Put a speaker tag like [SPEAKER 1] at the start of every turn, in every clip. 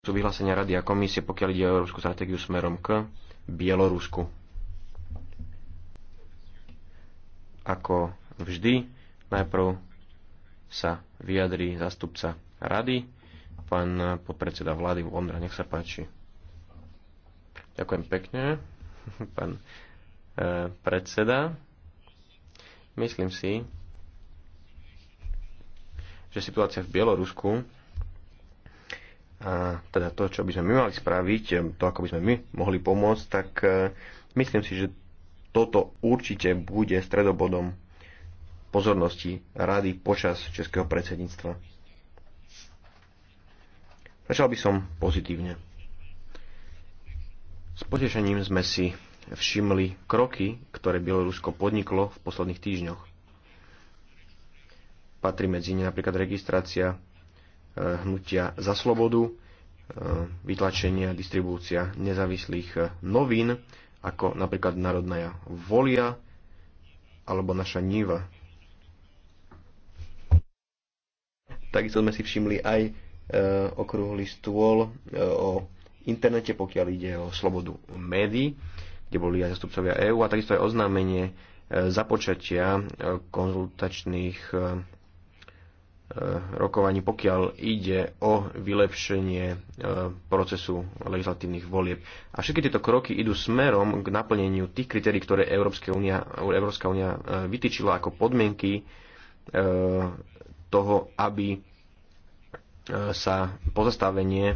[SPEAKER 1] sú vyhlásenia Rady a komisie, pokiaľ ide o európsku stratégiu smerom k Bielorusku. Ako vždy, najprv sa vyjadrí zastupca Rady, pán podpredseda vlády Ondra, nech sa páči. Ďakujem pekne, pán e, predseda. Myslím si, že situácia v Bielorusku a teda to, čo by sme my mali spraviť, e, to, ako by sme my mohli pomôcť, tak e, myslím si, že toto určite bude stredobodom pozornosti rady počas českého predsedníctva. Začal by som pozitívne. S potešením sme si všimli kroky, ktoré Bielorusko podniklo v posledných týždňoch. Patrí medzi ne napríklad registrácia E, hnutia za slobodu, e, vytlačenie a distribúcia nezávislých e, novín, ako napríklad Národná volia alebo naša Niva. Takisto sme si všimli aj e, okrúhly stôl e, o internete, pokiaľ ide o slobodu médií, kde boli aj zastupcovia EÚ a takisto aj oznámenie e, započatia e, konzultačných e, Eh, rokovaní, pokiaľ ide o vylepšenie eh, procesu legislatívnych volieb. A všetky tieto kroky idú smerom k naplneniu tých kritérií, ktoré Európska únia, Európska únia eh, vytýčila ako podmienky toho, aby sa pozastavenie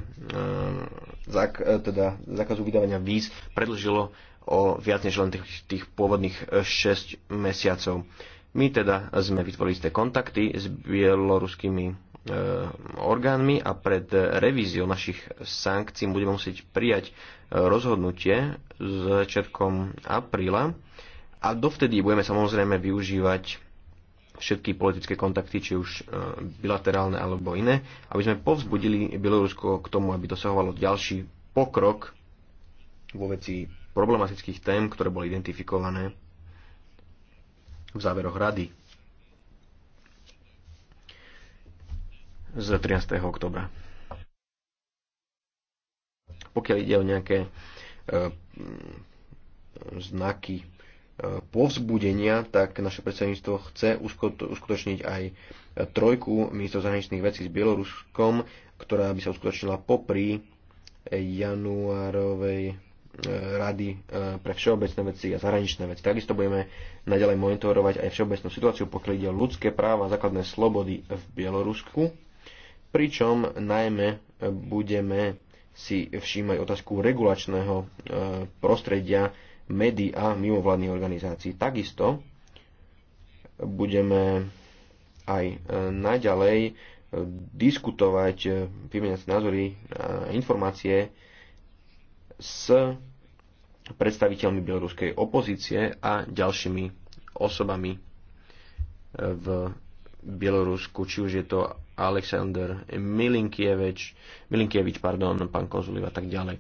[SPEAKER 1] teda zákazu vydávania víz predlžilo o viac než len tých, tých pôvodných 6 mesiacov. My teda sme vytvorili ste kontakty s bieloruskými e, orgánmi a pred revíziou našich sankcií budeme musieť prijať e, rozhodnutie s začiatkom apríla a dovtedy budeme samozrejme využívať všetky politické kontakty, či už e, bilaterálne alebo iné, aby sme povzbudili Bielorusko k tomu, aby dosahovalo ďalší pokrok vo veci problematických tém, ktoré boli identifikované v záveroch rady
[SPEAKER 2] z 13.
[SPEAKER 1] oktobra. Pokiaľ ide o nejaké e, znaky e, povzbudenia, tak naše predsedníctvo chce uskutočniť aj trojku ministrov zahraničných vecí s Bieloruskom, ktorá by sa uskutočnila popri januárovej E, rady e, pre všeobecné veci a zahraničné veci. Takisto budeme naďalej monitorovať aj všeobecnú situáciu, pokiaľ ide o ľudské práva a základné slobody v Bielorusku, pričom najmä e, budeme si všímať otázku regulačného prostredia médií a mimovládnych organizácií. Takisto budeme aj naďalej diskutovať, vymeniať názory a informácie s predstaviteľmi bieloruskej opozície a ďalšími osobami eh, v Bielorusku, či už je to Aleksandr Milinkievič, Milinkievič pardon, pán Kozuliv a tak ďalej.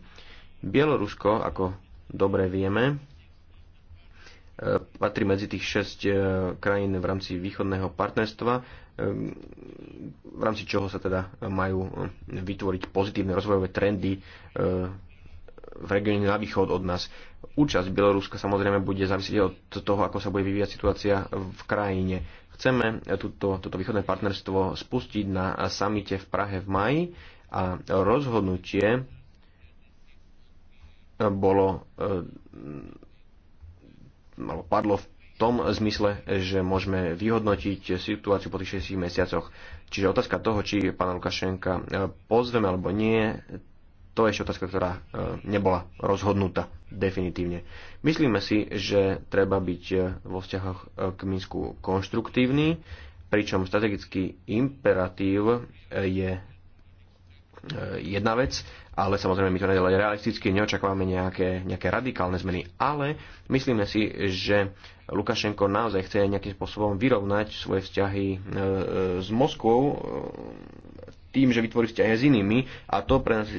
[SPEAKER 1] Bielorusko, ako dobre vieme, eh, patrí medzi tých 6 eh, krajín v rámci východného partnerstva, v rámci čoho sa teda majú vytvoriť pozitívne rozvojové trendy v regióne na východ od nás. Účasť Bieloruska samozrejme bude závisieť od toho, ako sa bude vyvíjať situácia v krajine. Chceme túto, toto východné partnerstvo spustiť na samite v Prahe v maji a rozhodnutie bolo e, padlo v tom zmysle, že môžeme vyhodnotiť situáciu po tých 6 mesiacoch. Čiže otázka toho, či pána Lukašenka e, pozveme alebo nie, to je ešte otázka, ktorá e, nebola rozhodnutá definitívne. Myslíme si, že treba byť e, vo vzťahoch e, k Minsku konštruktívny, pričom strategický imperatív je jedna vec, ale samozrejme my to nadalej realisticky neočakávame nejaké, nejaké radikálne zmeny, ale myslíme si, že Lukašenko naozaj chce nejakým spôsobom vyrovnať svoje vzťahy s Moskvou tým, že vytvorí vzťahy s inými a to pre nás e, e,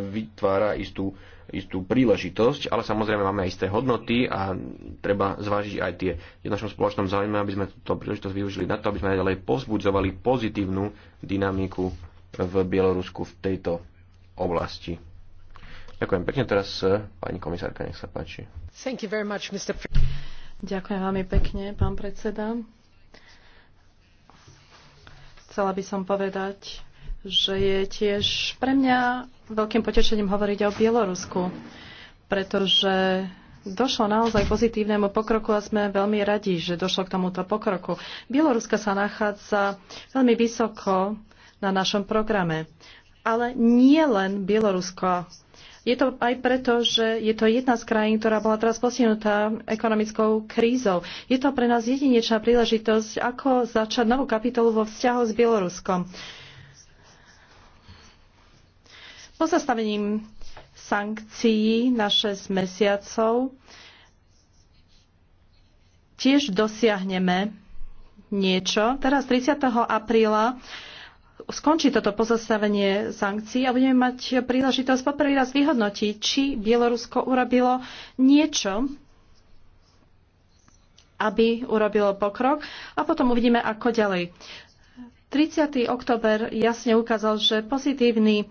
[SPEAKER 1] vytvára istú, istú príležitosť, ale samozrejme máme aj isté hodnoty a treba zvážiť aj tie. v našom spoločnom záujme, aby sme túto príležitosť využili na to, aby sme ďalej pozbudzovali pozitívnu dynamiku v Bielorusku v tejto oblasti. Ďakujem pekne teraz, e, pani komisárka, nech sa páči.
[SPEAKER 3] Thank you very much, Mr. Pre- Ďakujem veľmi pekne, pán predseda. Chcela by som povedať, že je tiež pre mňa veľkým potešením hovoriť o Bielorusku, pretože došlo naozaj pozitívnemu pokroku a sme veľmi radi, že došlo k tomuto pokroku. Bieloruska sa nachádza veľmi vysoko na našom programe. Ale nie len Bielorusko. Je to aj preto, že je to jedna z krajín, ktorá bola teraz posunutá ekonomickou krízou. Je to pre nás jedinečná príležitosť, ako začať novú kapitolu vo vzťahu s Bieloruskom pozastavením sankcií na 6 mesiacov tiež dosiahneme niečo. Teraz 30. apríla skončí toto pozastavenie sankcií a budeme mať príležitosť poprvý raz vyhodnotiť, či Bielorusko urobilo niečo, aby urobilo pokrok a potom uvidíme, ako ďalej. 30. október jasne ukázal, že pozitívny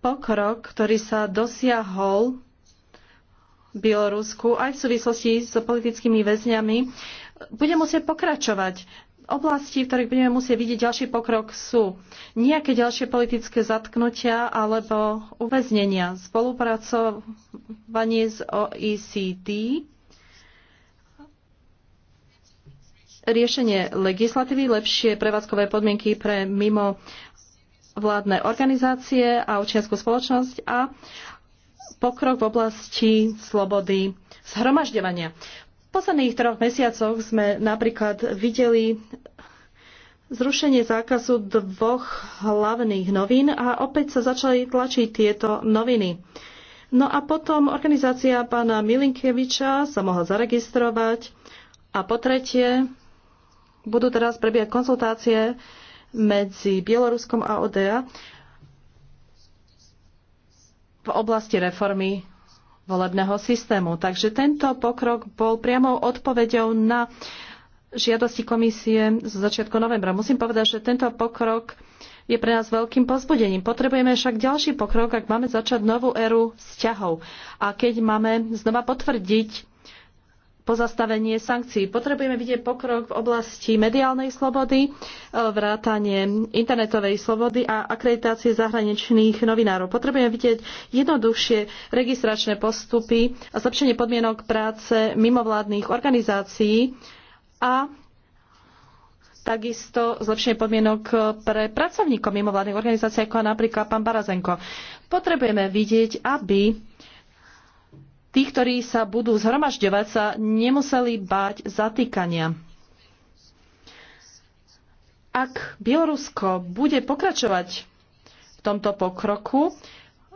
[SPEAKER 3] pokrok, ktorý sa dosiahol v Bielorusku aj v súvislosti s politickými väzňami, bude musieť pokračovať. Oblasti, v ktorých budeme musieť vidieť ďalší pokrok, sú nejaké ďalšie politické zatknutia alebo uväznenia, spolupracovanie s OECD, riešenie legislatívy, lepšie prevádzkové podmienky pre mimo vládne organizácie a občianskú spoločnosť a pokrok v oblasti slobody zhromažďovania. V posledných troch mesiacoch sme napríklad videli zrušenie zákazu dvoch hlavných novín a opäť sa začali tlačiť tieto noviny. No a potom organizácia pána Milinkeviča sa mohla zaregistrovať a po tretie budú teraz prebiehať konzultácie medzi Bieloruskom a ODA v oblasti reformy volebného systému. Takže tento pokrok bol priamou odpoveďou na žiadosti komisie z začiatku novembra. Musím povedať, že tento pokrok je pre nás veľkým pozbudením. Potrebujeme však ďalší pokrok, ak máme začať novú éru vzťahov. A keď máme znova potvrdiť pozastavenie sankcií. Potrebujeme vidieť pokrok v oblasti mediálnej slobody, e, vrátanie internetovej slobody a akreditácie zahraničných novinárov. Potrebujeme vidieť jednoduchšie registračné postupy a zlepšenie podmienok práce mimovládnych organizácií a takisto zlepšenie podmienok pre pracovníkov mimovládnych organizácií, ako napríklad pán Barazenko. Potrebujeme vidieť, aby tí, ktorí sa budú zhromažďovať, sa nemuseli báť zatýkania. Ak Bielorusko bude pokračovať v tomto pokroku,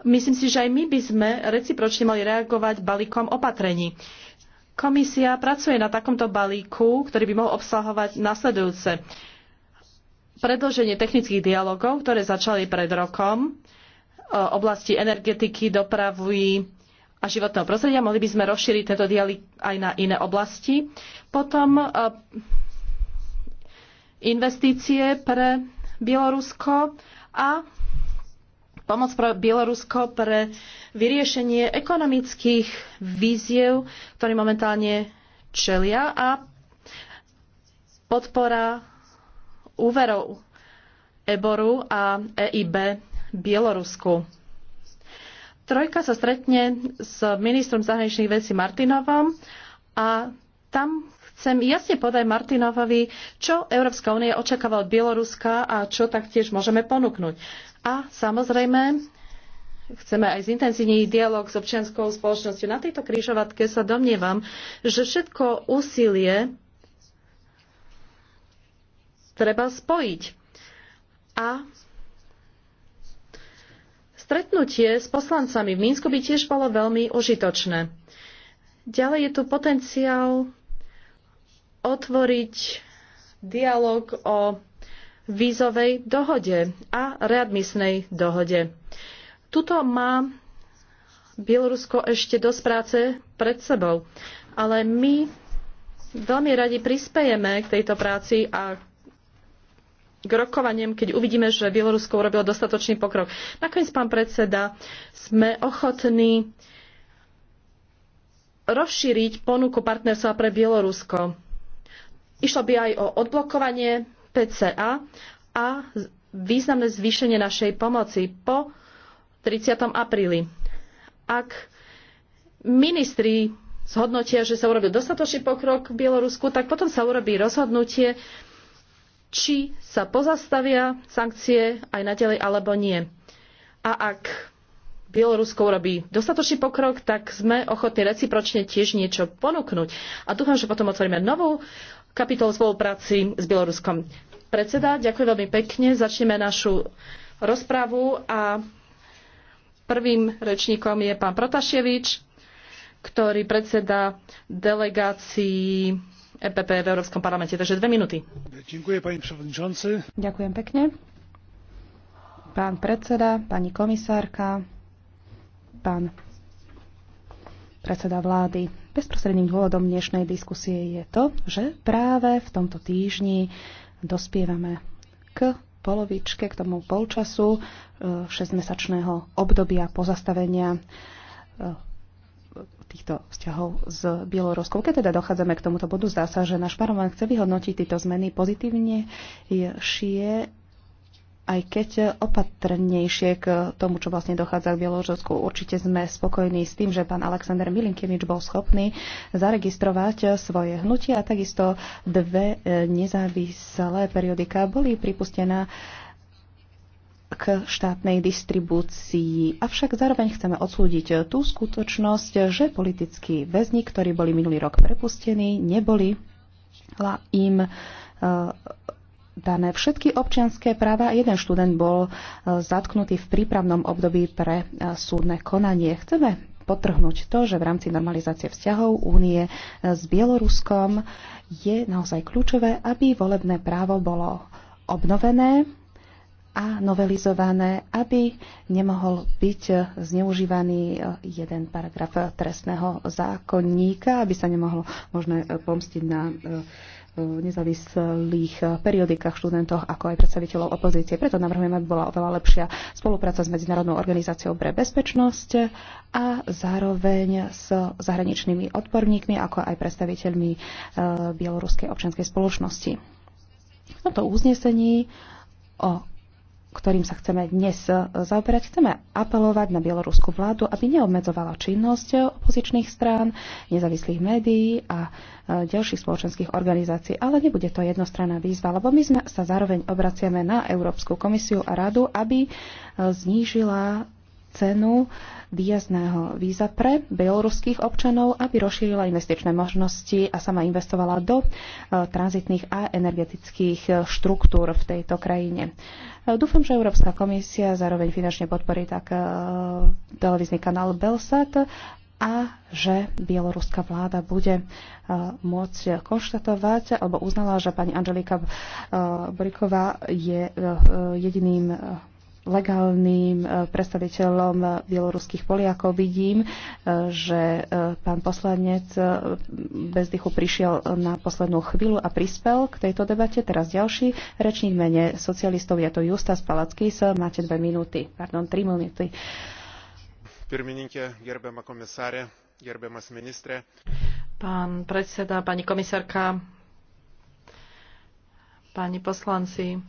[SPEAKER 3] myslím si, že aj my by sme recipročne mali reagovať balíkom opatrení. Komisia pracuje na takomto balíku, ktorý by mohol obsahovať nasledujúce. Predloženie technických dialogov, ktoré začali pred rokom, oblasti energetiky, dopravy, a životného prostredia. Mohli by sme rozšíriť tento dialog aj na iné oblasti. Potom eh, investície pre Bielorusko a pomoc pre Bielorusko pre vyriešenie ekonomických víziev, ktorým momentálne čelia a podpora úverov EBORu a EIB Bielorusku. Trojka sa stretne s ministrom zahraničných vecí Martinovom a tam chcem jasne povedať Martinovovi, čo Európska únia očakáva od Bieloruska a čo taktiež môžeme ponúknuť. A samozrejme, chceme aj zintenzívniť dialog s občianskou spoločnosťou. Na tejto krížovatke sa domnievam, že všetko úsilie treba spojiť. A stretnutie s poslancami v Mínsku by tiež bolo veľmi užitočné. Ďalej je tu potenciál otvoriť dialog o vízovej dohode a readmisnej dohode. Tuto má Bielorusko ešte dosť práce pred sebou, ale my veľmi radi prispejeme k tejto práci a k rokovaniem, keď uvidíme, že Bielorusko urobilo dostatočný pokrok. Nakoniec, pán predseda, sme ochotní rozšíriť ponuku partnerstva pre Bielorusko. Išlo by aj o odblokovanie PCA a významné zvýšenie našej pomoci po 30. apríli. Ak ministri zhodnotia, že sa urobil dostatočný pokrok v Bielorusku, tak potom sa urobí rozhodnutie, či sa pozastavia sankcie aj naďalej alebo nie. A ak Bielorusko urobí dostatočný pokrok, tak sme ochotní recipročne tiež niečo ponúknuť. A dúfam, že potom otvoríme novú kapitolu spolupráci s Bieloruskom. Predseda, ďakujem veľmi pekne. Začneme našu rozpravu a prvým rečníkom je pán Protaševič, ktorý predseda delegácii ppe v Európskom parlamente. Takže dve minúty.
[SPEAKER 4] Ďakujem pekne. Pán predseda, pani komisárka, pán predseda vlády. Bezprostredným dôvodom dnešnej diskusie je to, že práve v tomto týždni dospievame k polovičke, k tomu polčasu 6-mesačného e, obdobia pozastavenia e, týchto vzťahov s Bieloruskou. Keď teda dochádzame k tomuto bodu, zdá sa, že náš parlament chce vyhodnotiť tieto zmeny pozitívne, šie aj keď opatrnejšie k tomu, čo vlastne dochádza k Bielorusku. Určite sme spokojní s tým, že pán Aleksandr Milinkievič bol schopný zaregistrovať svoje hnutie a takisto dve nezávislé periodika boli pripustená k štátnej distribúcii. Avšak zároveň chceme odsúdiť tú skutočnosť, že politickí väzni, ktorí boli minulý rok prepustení, neboli im e, dané všetky občianské práva. Jeden študent bol e, zatknutý v prípravnom období pre e, súdne konanie. Chceme potrhnúť to, že v rámci normalizácie vzťahov únie s Bieloruskom je naozaj kľúčové, aby volebné právo bolo obnovené a novelizované, aby nemohol byť zneužívaný eh, jeden paragraf trestného zákonníka, aby sa nemohlo možné eh, pomstiť na eh, nezávislých periodikách, študentov ako aj predstaviteľov opozície. Preto navrhujem, aby bola oveľa lepšia spolupráca s Medzinárodnou organizáciou pre bezpečnosť a zároveň s zahraničnými odborníkmi, ako aj predstaviteľmi Bieloruskej občianskej spoločnosti. V tomto uznesení o ktorým sa chceme dnes e, zaoberať, chceme apelovať na bieloruskú vládu, aby neobmedzovala činnosť opozičných strán, nezávislých médií a e, ďalších spoločenských organizácií. Ale nebude to jednostranná výzva, lebo my sme sa zároveň obraciame na Európsku komisiu a radu, aby e, znížila cenu výjazdného víza pre bieloruských občanov, aby rozšírila investičné možnosti a sama investovala do tranzitných a energetických štruktúr v tejto krajine. Dúfam, že Európska komisia zároveň finančne podporí tak e, televízny kanál Belsat a že bieloruská vláda bude e, môcť konštatovať, alebo uznala, že pani Angelika e, Boriková je jediným legálnym e, predstaviteľom bieloruských Poliakov vidím, e, že e, pán poslanec bez dýchu prišiel na poslednú chvíľu a prispel k tejto debate. Teraz ďalší rečník mene socialistov je to Justas Palackis. Máte dve minúty, pardon, tri minúty.
[SPEAKER 1] Pirmininkė, gerbiama komisarė, gerbiamas ministre.
[SPEAKER 3] Pán predseda, pani komisárka, páni poslanci,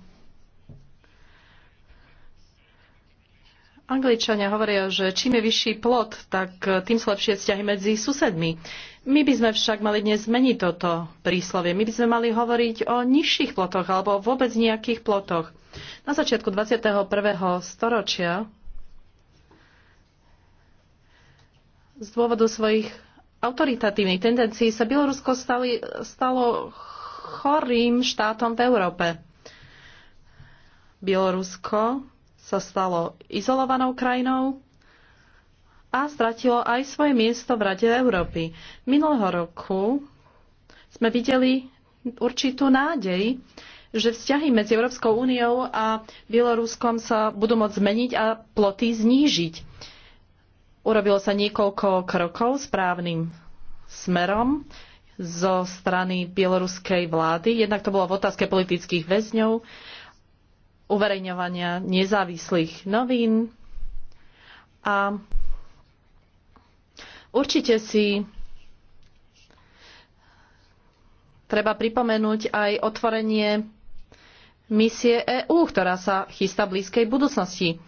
[SPEAKER 3] Angličania hovoria, že čím je vyšší plot, tak eh, tým sú lepšie vzťahy medzi susedmi. My by sme však mali dnes zmeniť toto príslovie. My by sme mali hovoriť o nižších plotoch alebo vôbec nejakých plotoch. Na začiatku 21. storočia z dôvodu svojich autoritatívnych tendencií sa Bielorusko stali, stalo chorým štátom v Európe. Bielorusko sa stalo izolovanou krajinou a stratilo aj svoje miesto v Rade Európy. Minulého roku sme videli určitú nádej, že vzťahy medzi Európskou úniou a Bieloruskom sa budú môcť zmeniť a ploty znížiť. Urobilo sa niekoľko krokov správnym smerom zo strany bieloruskej vlády. Jednak to bolo v otázke politických väzňov, uverejňovania nezávislých novín. A určite si treba pripomenúť aj otvorenie misie EÚ, ktorá sa chystá v blízkej budúcnosti.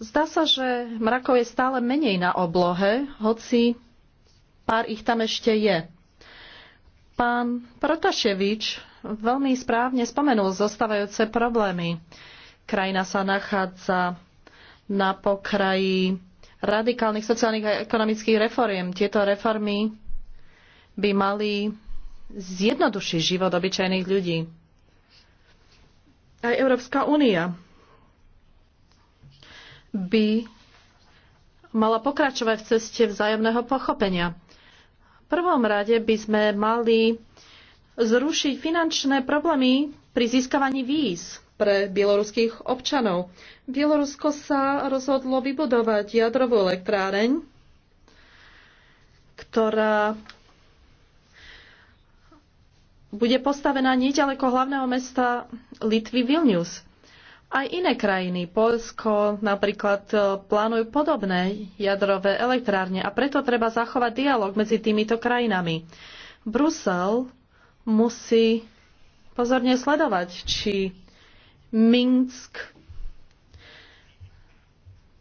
[SPEAKER 3] Zdá sa, že mrakov je stále menej na oblohe, hoci pár ich tam ešte je. Pán Protaševič veľmi správne spomenul zostávajúce problémy. Krajina sa nachádza na pokraji radikálnych sociálnych a ekonomických reforiem. Tieto reformy by mali zjednodušiť život obyčajných ľudí. Aj Európska únia by mala pokračovať v ceste vzájomného pochopenia. V prvom rade by sme mali zrušiť finančné problémy pri získavaní víz pre bieloruských občanov. Bielorusko sa rozhodlo vybudovať jadrovú elektráreň, ktorá bude postavená nedaleko hlavného mesta Litvy Vilnius. Aj iné krajiny, Polsko napríklad, eh, plánujú podobné jadrové elektrárne a preto treba zachovať dialog medzi týmito krajinami. Brusel musí pozorne sledovať, či Minsk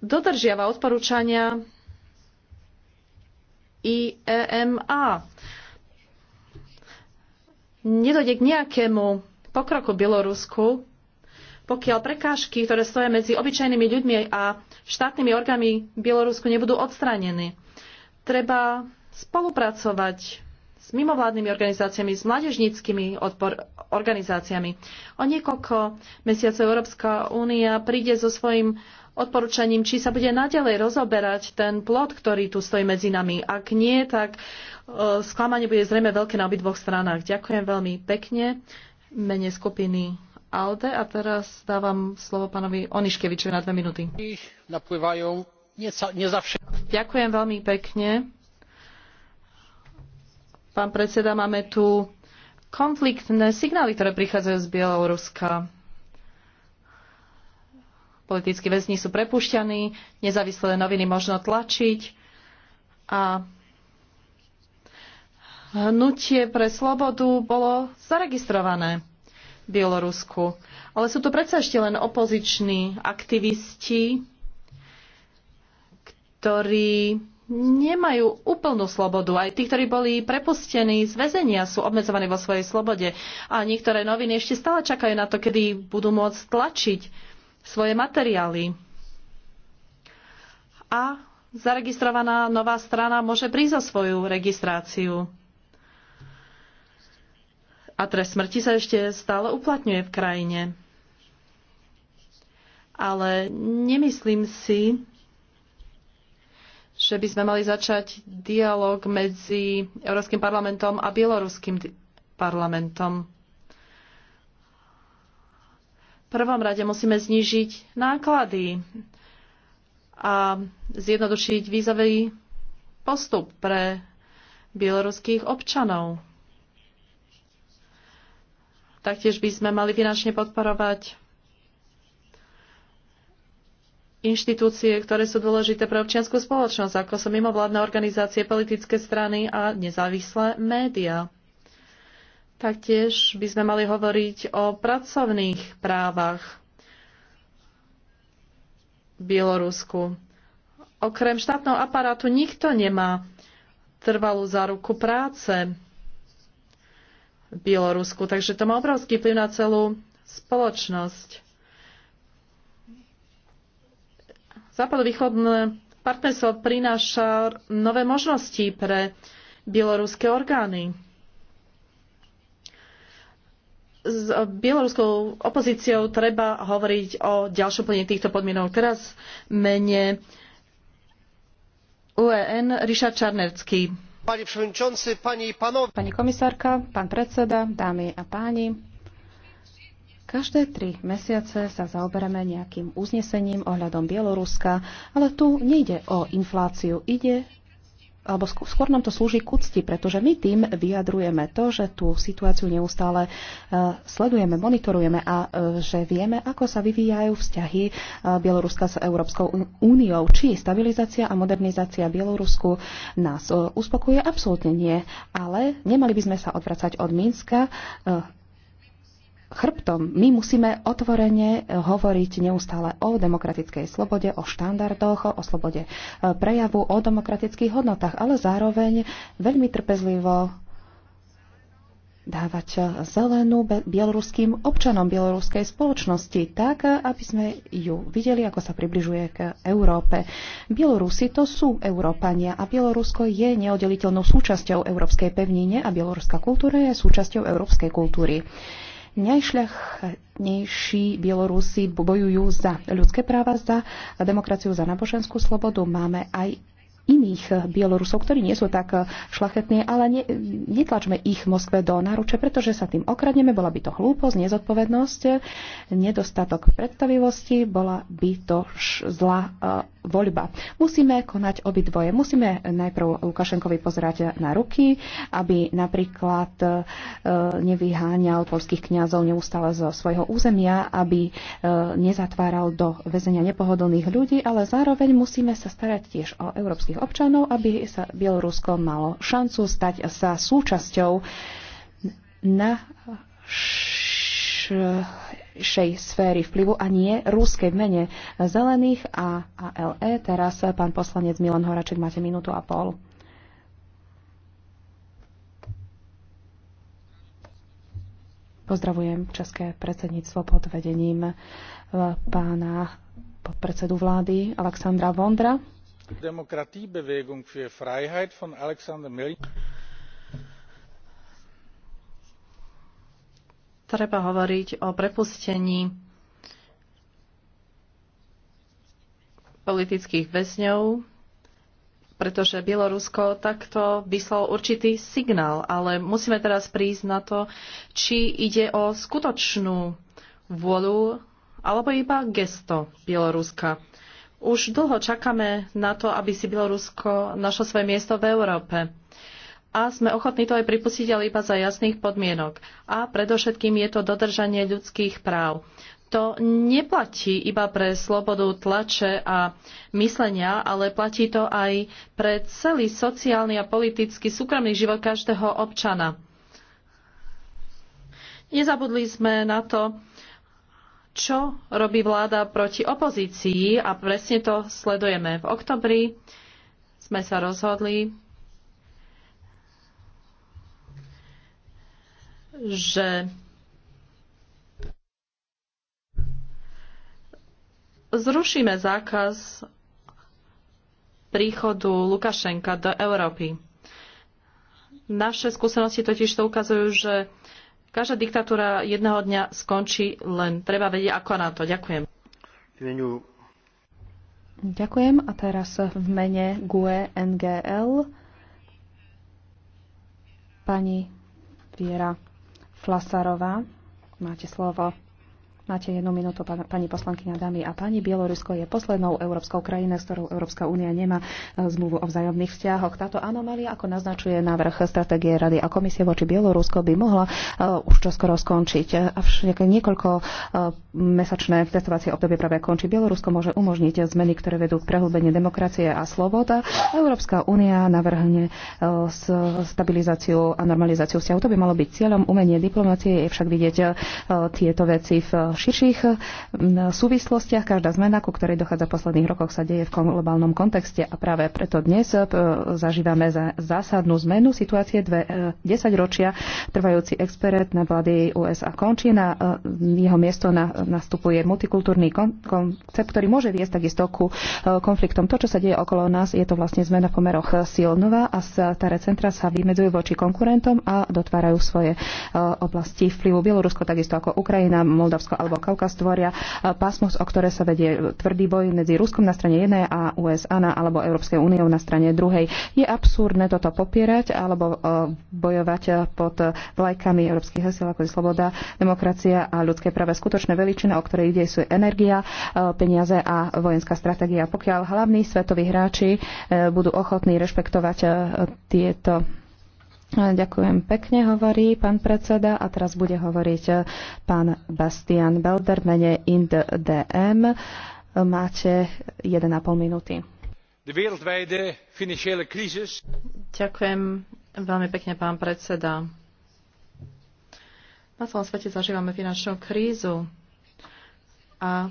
[SPEAKER 3] dodržiava odporúčania IEMA. Nedojde k nejakému pokroku Bielorusku, pokiaľ prekážky, ktoré stoja medzi obyčajnými ľuďmi a štátnymi orgánmi Bielorusku nebudú odstranené. Treba spolupracovať s mimovládnymi organizáciami, s mládežníckými odpor- organizáciami. O niekoľko mesiacov Európska únia príde so svojím odporúčaním, či sa bude naďalej rozoberať ten plot, ktorý tu stojí medzi nami. Ak nie, tak e, sklamanie bude zrejme veľké na obidvoch stranách. Ďakujem veľmi pekne mene skupiny ALDE a teraz dávam slovo pánovi Oniškevičovi na dve minúty. Ďakujem veľmi pekne. Pán predseda, máme tu konfliktné signály, ktoré prichádzajú z Bieloruska. Politickí väzni sú prepušťaní, nezávislé noviny možno tlačiť a hnutie pre slobodu bolo zaregistrované v Bielorusku. Ale sú to predsa ešte len opoziční aktivisti, ktorí nemajú úplnú slobodu. Aj tí, ktorí boli prepustení z väzenia, sú obmedzovaní vo svojej slobode. A niektoré noviny ešte stále čakajú na to, kedy budú môcť tlačiť svoje materiály. A zaregistrovaná nová strana môže prísť o svoju registráciu. A trest smrti sa ešte stále uplatňuje v krajine. Ale nemyslím si, že by sme mali začať dialog medzi Európskym parlamentom a Bieloruským parlamentom. V prvom rade musíme znížiť náklady a zjednodušiť vízový postup pre bieloruských občanov. Taktiež by sme mali finančne podporovať inštitúcie, ktoré sú dôležité pre občianskú spoločnosť, ako sú mimovládne organizácie, politické strany a nezávislé médiá. Taktiež by sme mali hovoriť o pracovných právach v Bielorusku. Okrem štátneho aparátu nikto nemá trvalú záruku práce v Bielorusku, takže to má obrovský vplyv na celú spoločnosť. Západovýchodné partnerstvo prináša nové možnosti pre bieloruské orgány. S bieloruskou opozíciou treba hovoriť o ďalšom plnení týchto podmienok. Teraz mene UEN Richard Čarnecký. Pani
[SPEAKER 4] komisárka, pán predseda, dámy a páni, Každé tri mesiace sa zaoberáme nejakým uznesením ohľadom Bieloruska, ale tu nejde o infláciu, ide alebo skôr nám to slúži k úcti, pretože my tým vyjadrujeme to, že tú situáciu neustále e, sledujeme, monitorujeme a e, že vieme, ako sa vyvíjajú vzťahy e, Bieloruska s Európskou úniou. Či stabilizácia a modernizácia Bielorusku nás uspokuje? Absolútne nie. Ale nemali by sme sa odvracať od Minska chrbtom. My musíme otvorene eh, hovoriť neustále o demokratickej slobode, o štandardoch, o slobode eh, prejavu, o demokratických hodnotách, ale zároveň veľmi trpezlivo dávať eh, zelenú bieloruským občanom bieloruskej spoločnosti, tak aby sme ju videli, ako sa približuje k Európe. Bielorusi to sú Európania a Bielorusko je neoddeliteľnou súčasťou európskej pevnine a bieloruská kultúra je súčasťou európskej kultúry. Najšľachnejší Bielorusi bojujú za ľudské práva, za demokraciu, za náboženskú slobodu. Máme aj iných Bielorusov, ktorí nie sú tak šlachetní, ale ne, netlačme ich Moskve do náruče, pretože sa tým okradneme. Bola by to hlúposť, nezodpovednosť, nedostatok predstavivosti, bola by to zlá voľba. Musíme konať obidvoje. Musíme najprv Lukašenkovi pozerať na ruky, aby napríklad e, nevyháňal polských kňazov neustále zo svojho územia, aby e, nezatváral do väzenia nepohodlných ľudí, ale zároveň musíme sa starať tiež o európskych občanov, aby sa Bielorusko malo šancu stať sa súčasťou na š našej sféry vplyvu a nie rúskej v mene zelených a ALE. Teraz pán poslanec Milan Horaček, máte minútu a pol. Pozdravujem České predsedníctvo pod vedením eh, pána podpredsedu vlády Alexandra Vondra.
[SPEAKER 3] Demokratiebewegung für Freiheit von Alexander Milch. treba hovoriť o prepustení politických väzňov, pretože Bielorusko takto vyslalo určitý signál, ale musíme teraz prísť na to, či ide o skutočnú vôľu alebo iba gesto Bieloruska. Už dlho čakáme na to, aby si Bielorusko našlo svoje miesto v Európe a sme ochotní to aj pripustiť, ale iba za jasných podmienok. A predovšetkým je to dodržanie ľudských práv. To neplatí iba pre slobodu tlače a myslenia, ale platí to aj pre celý sociálny a politický súkromný život každého občana. Nezabudli sme na to, čo robí vláda proti opozícii a presne to sledujeme. V oktobri sme sa rozhodli že zrušíme zákaz príchodu Lukašenka do Európy. Naše skúsenosti totiž to ukazujú, že každá diktatúra jedného dňa skončí, len treba vedieť, ako na to. Ďakujem.
[SPEAKER 4] Ďakujem a teraz v mene GUE NGL pani Viera. Flasarová. Máte slovo. Máte jednu minútu, pani poslankyňa, dámy a páni. Bielorusko je poslednou európskou krajinou, s ktorou Európska únia nemá e, zmluvu o vzájomných vzťahoch. Táto anomália, ako naznačuje návrh stratégie Rady a komisie voči Bielorusko, by mohla e, už čoskoro skončiť. Avšak niekoľko e, mesačné testovacie obdobie práve končí. Bielorusko môže umožniť zmeny, ktoré vedú k prehlbeniu demokracie a sloboda. Európska únia navrhne stabilizáciu a normalizáciu vzťahov. To by malo byť cieľom. Umenie diplomácie je však vidieť tieto veci v širších súvislostiach. Každá zmena, ku ktorej dochádza v posledných rokoch, sa deje v globálnom kontexte a práve preto dnes e, zažívame zásadnú zmenu situácie. Dve, 10 e, ročia trvajúci expert na vlády USA končí. Na e, jeho miesto na, nastupuje multikultúrny koncept, ktorý môže viesť takisto ku konfliktom. To, čo sa deje okolo nás, je to vlastne zmena v pomeroch Silnová a staré centra sa vymedzujú voči konkurentom a dotvárajú svoje oblasti vplyvu Bielorusko, takisto ako Ukrajina, Moldavsko alebo Kaukaz tvoria e, pásmus, o ktoré sa vedie tvrdý boj medzi Ruskom na strane jednej a USA na, alebo Európskej úniou na strane druhej. Je absurdné toto popierať alebo e, bojovať pod vlajkami európskych hesiel, ako je sloboda, demokracia a ľudské práve. Skutočné veličina, o ktorej ide, sú energia, e, peniaze a vojenská stratégia. Pokiaľ hlavní svetoví hráči budú ochotní rešpektovať tieto Ďakujem pekne, hovorí pán predseda. A teraz bude hovoriť e, pán Bastian Belder, mene
[SPEAKER 3] INDDM. Máte 1,5 minúty. Ďakujem veľmi pekne, pán predseda. Na celom svete zažívame finančnú krízu a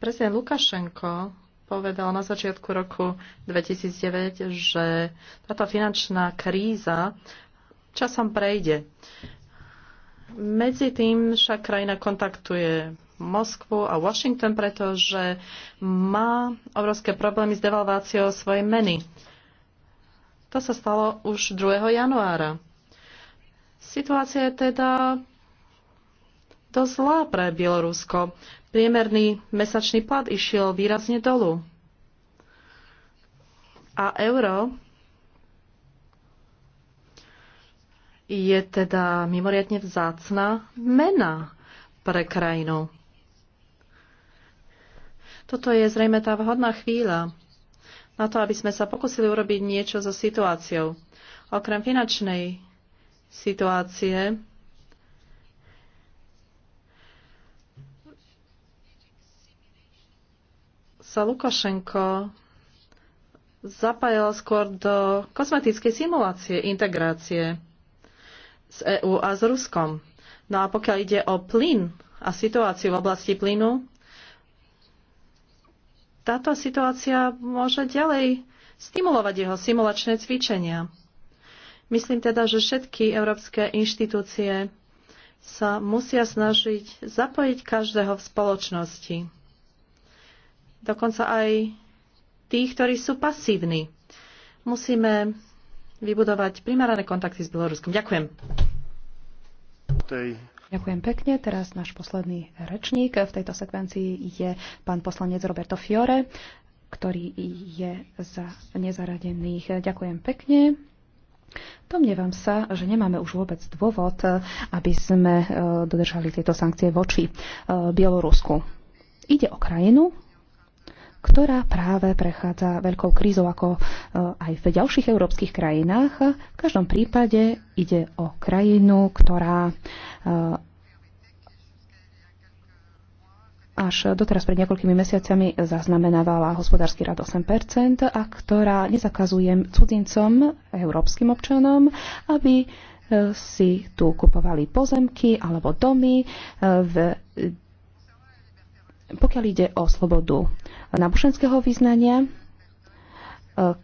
[SPEAKER 3] prezident Lukašenko povedal na začiatku roku 2009, že táto finančná kríza časom prejde. Medzi tým však krajina kontaktuje Moskvu a Washington, pretože má obrovské problémy s devalváciou svojej meny. To sa stalo už 2. januára. Situácia je teda dosť zlá pre Bielorusko priemerný mesačný plat išiel výrazne dolu. A euro je teda mimoriadne vzácna mena pre krajinu. Toto je zrejme tá vhodná chvíľa na to, aby sme sa pokusili urobiť niečo so situáciou. Okrem finančnej situácie sa Lukašenko zapájal skôr do kosmetickej simulácie integrácie s EÚ a s Ruskom. No a pokiaľ ide o plyn a situáciu v oblasti plynu, táto situácia môže ďalej stimulovať jeho simulačné cvičenia. Myslím teda, že všetky európske inštitúcie sa musia snažiť zapojiť každého v spoločnosti dokonca aj tých, ktorí sú pasívni. Musíme vybudovať primárne kontakty s Bieloruskom. Ďakujem.
[SPEAKER 4] Ďakujem pekne. Teraz náš posledný rečník v tejto sekvencii je pán poslanec Roberto Fiore, ktorý je za nezaradených. Ďakujem pekne. Domnievam sa, že nemáme už vôbec dôvod, aby sme e, dodržali tieto sankcie voči e, Bielorusku. Ide o krajinu, ktorá práve prechádza veľkou krízou, ako e, aj v ďalších európskych krajinách. V každom prípade ide o krajinu, ktorá e, až doteraz pred niekoľkými mesiacami zaznamenávala hospodársky rad 8% a ktorá nezakazuje cudzincom, európskym občanom, aby e, si tu kupovali pozemky alebo domy v pokiaľ ide o slobodu náboženského význania, eh,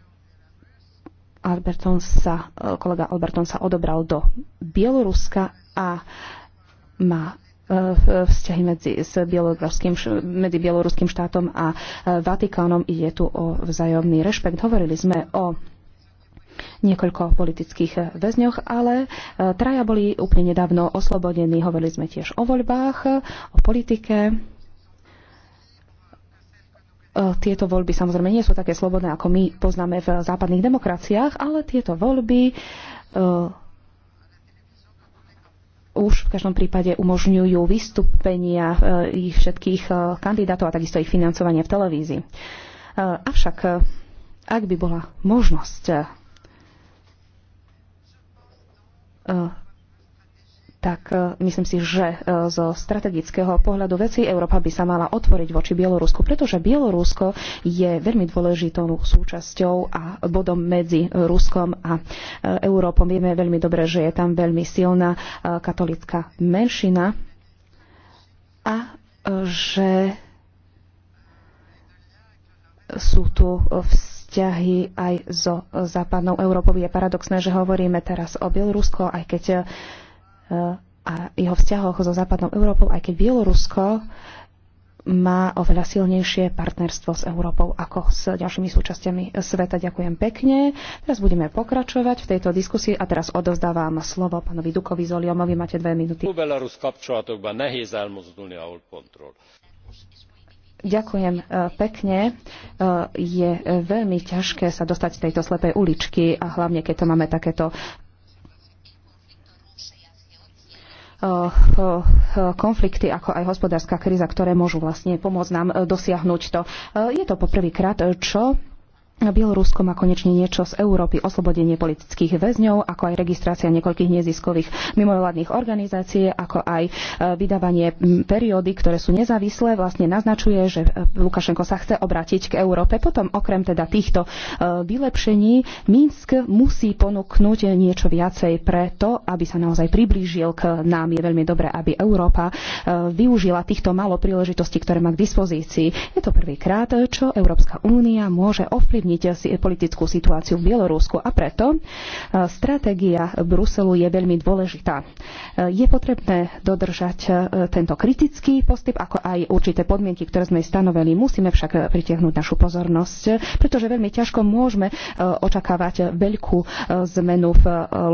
[SPEAKER 4] Alberton sa, eh, kolega Alberton sa odobral do Bieloruska a má eh, vzťahy medzi, s bieloruským, medzi bieloruským štátom a Vatikánom. Ide tu o vzájomný rešpekt. Hovorili sme o niekoľko politických väzňoch, ale traja boli úplne nedávno oslobodení. Hovorili sme tiež o voľbách, o politike E, tieto voľby samozrejme nie sú také slobodné, ako my poznáme v západných demokraciách, ale tieto voľby e, už v každom prípade umožňujú vystúpenia e, ich všetkých kandidátov a takisto ich financovanie v televízii. Avšak, ak by bola možnosť tak e, myslím si, že e, zo strategického pohľadu veci Európa by sa mala otvoriť voči Bielorusku, pretože Bielorusko je veľmi dôležitou súčasťou a bodom medzi Ruskom a e, Európom. Vieme veľmi dobre, že je tam veľmi silná katolická menšina a že sú tu vzťahy aj so západnou Európou. Je paradoxné, že hovoríme teraz o Bielorusko, aj keď a jeho vzťahoch so západnou Európou, aj keď Bielorusko má oveľa silnejšie partnerstvo s Európou ako s ďalšími súčasťami sveta. Ďakujem pekne. Teraz budeme pokračovať v tejto diskusii a teraz odozdávam slovo pánovi Dukovi Zoliomovi. Máte dve minúty. Ďakujem eh, pekne. Eh, je eh, veľmi ťažké sa dostať z tejto slepej uličky a hlavne keď to máme takéto Eh, eh, konflikty, ako aj hospodárska kríza, ktoré môžu vlastne pomôcť nám eh, dosiahnuť to. Je to poprvýkrát, čo Bielorusko má konečne niečo z Európy, oslobodenie politických väzňov, ako aj registrácia niekoľkých neziskových mimovládnych organizácií, ako aj e, vydávanie periódy, ktoré sú nezávislé, vlastne naznačuje, že e, Lukašenko sa chce obrátiť k Európe. Potom okrem teda týchto e, vylepšení Minsk musí ponúknuť niečo viacej pre to, aby sa naozaj priblížil k nám. Je veľmi dobré, aby Európa využila týchto malo príležitostí, ktoré má k dispozícii. Je to prvýkrát, čo Európska únia môže ovplyvniť ovplyvniť si politickú situáciu v Bielorusku a preto e, stratégia Bruselu je veľmi dôležitá. E, je potrebné dodržať e, tento kritický postup, ako aj určité podmienky, ktoré sme stanovili. Musíme však pritiahnuť našu pozornosť, pretože veľmi ťažko môžeme očakávať veľkú zmenu v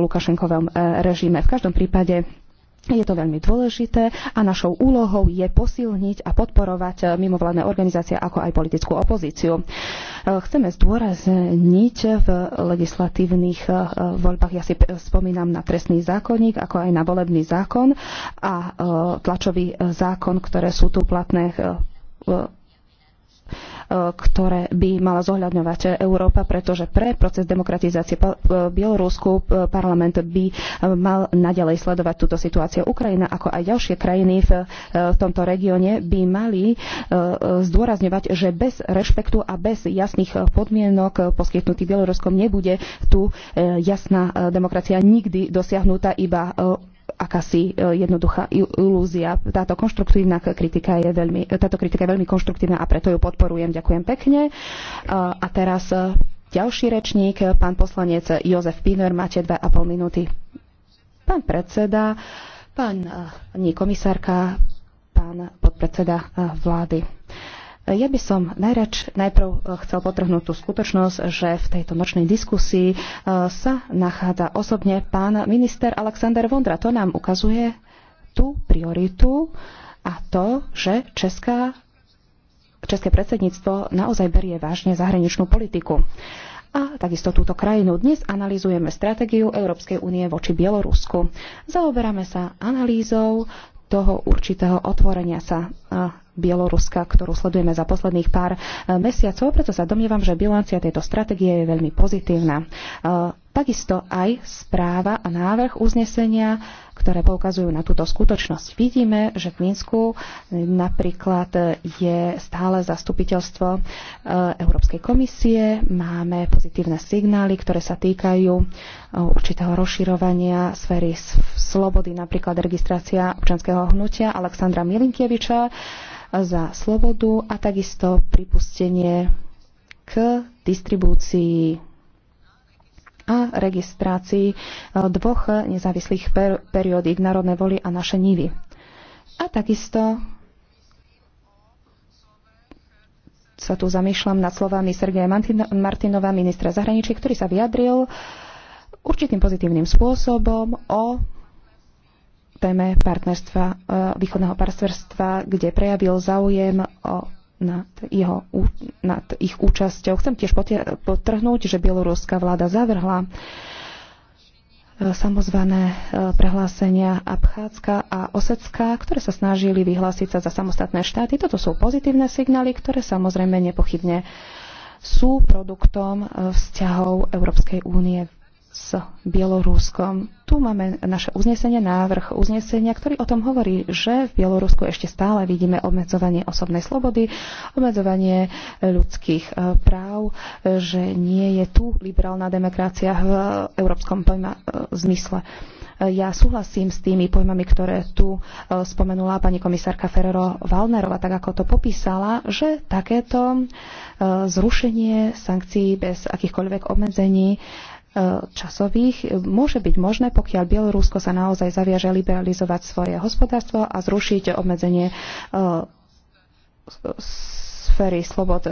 [SPEAKER 4] Lukašenkovom režime. V každom prípade je to veľmi dôležité a našou úlohou je posilniť a podporovať eh, mimovládne organizácie ako aj politickú opozíciu. Eh, chceme zdôrazniť v legislatívnych eh, voľbách, ja si spomínam na trestný zákonník, ako aj na volebný zákon a tlačový zákon, ktoré sú tu platné ktoré by mala zohľadňovať Európa, pretože pre proces demokratizácie e, Bielorusku e, parlament by e, mal naďalej sledovať túto situáciu. Ukrajina, ako aj ďalšie krajiny v tomto regióne, by mali zdôrazňovať, že bez rešpektu a bez jasných podmienok poskytnutých Bieloruskom nebude tu jasná demokracia nikdy dosiahnutá iba akási e, jednoduchá ilúzia. Táto konštruktívna kritika je veľmi, táto kritika je veľmi konštruktívna a preto ju podporujem. Ďakujem pekne. E, a teraz e, ďalší rečník, pán poslanec Jozef Piner, máte dve a pol minúty. Pán predseda, pán komisárka, pán podpredseda vlády. Ja by som najrač najprv e, chcel potrhnúť tú skutočnosť, že v tejto nočnej diskusii e, sa nachádza osobne pán minister Alexander Vondra. To nám ukazuje tú prioritu a to, že Česká, České predsedníctvo naozaj berie vážne zahraničnú politiku. A takisto túto krajinu dnes analýzujeme stratégiu Európskej únie voči Bielorusku. Zaoberáme sa analýzou toho určitého otvorenia sa e, Bieloruska, ktorú sledujeme za posledných pár eh, mesiacov, preto sa domnievam, že bilancia tejto stratégie je veľmi pozitívna. Eh, takisto aj správa a návrh uznesenia, ktoré poukazujú na túto skutočnosť. Vidíme, že v Minsku eh, napríklad je stále zastupiteľstvo Európskej komisie, máme pozitívne signály, ktoré sa týkajú určitého rozširovania sféry slobody, napríklad registrácia občanského hnutia Aleksandra Milinkieviča, za slobodu a takisto pripustenie k distribúcii a registrácii e, dvoch nezávislých per- periodík Národné voly a naše nivy. A takisto sa tu zamýšľam nad slovami Sergeja Martinova, ministra zahraničí, ktorý sa vyjadril určitým pozitívnym spôsobom o téme partnerstva, eh, východného partnerstva, kde prejavil záujem o, nad, jeho, nad ich účasťou. Chcem tiež potrhnúť, že bieloruská vláda zavrhla eh, samozvané eh, prehlásenia Abchádzka a Osecka, ktoré sa snažili vyhlásiť sa za samostatné štáty. Toto sú pozitívne signály, ktoré samozrejme nepochybne sú produktom vzťahov Európskej únie s Bieloruskom. Tu máme naše uznesenie, návrh uznesenia, ktorý o tom hovorí, že v Bielorusku ešte stále vidíme obmedzovanie osobnej slobody, obmedzovanie ľudských e, práv, e, že nie je tu liberálna demokracia v európskom pojma e, zmysle. Ja súhlasím s tými pojmami, ktoré tu spomenula pani komisárka Ferrero Valnerova, tak ako to popísala, že takéto zrušenie sankcií bez akýchkoľvek obmedzení E, časových môže byť možné, pokiaľ Bielorusko sa naozaj zaviaže liberalizovať svoje hospodárstvo a zrušiť obmedzenie e, sféry slobod e,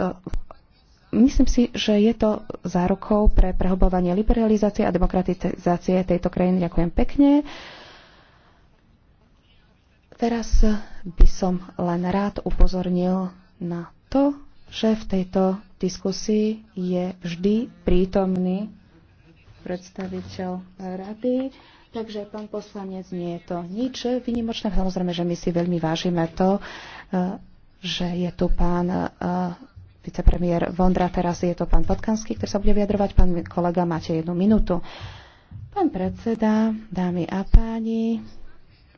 [SPEAKER 4] myslím si, že je to zárukou pre prehobovanie liberalizácie a demokratizácie tejto krajiny. Ďakujem pekne. Teraz by som len rád upozornil na to, že v tejto diskusii je vždy prítomný predstaviteľ rady. Takže, pán poslanec, nie je to nič vynimočné. Samozrejme, že my si veľmi vážime to, e, že je tu pán e, vicepremiér Vondra, teraz je to pán Potkanský, ktorý sa bude vyjadrovať. Pán kolega, máte jednu minútu. Pán predseda, dámy a páni,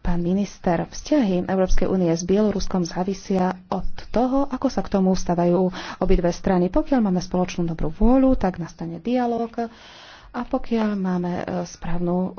[SPEAKER 4] pán minister, vzťahy Európskej únie s Bieloruskom závisia od toho, ako sa k tomu stavajú obidve strany. Pokiaľ máme spoločnú dobrú vôľu, tak nastane dialog a pokiaľ máme e, správnu e,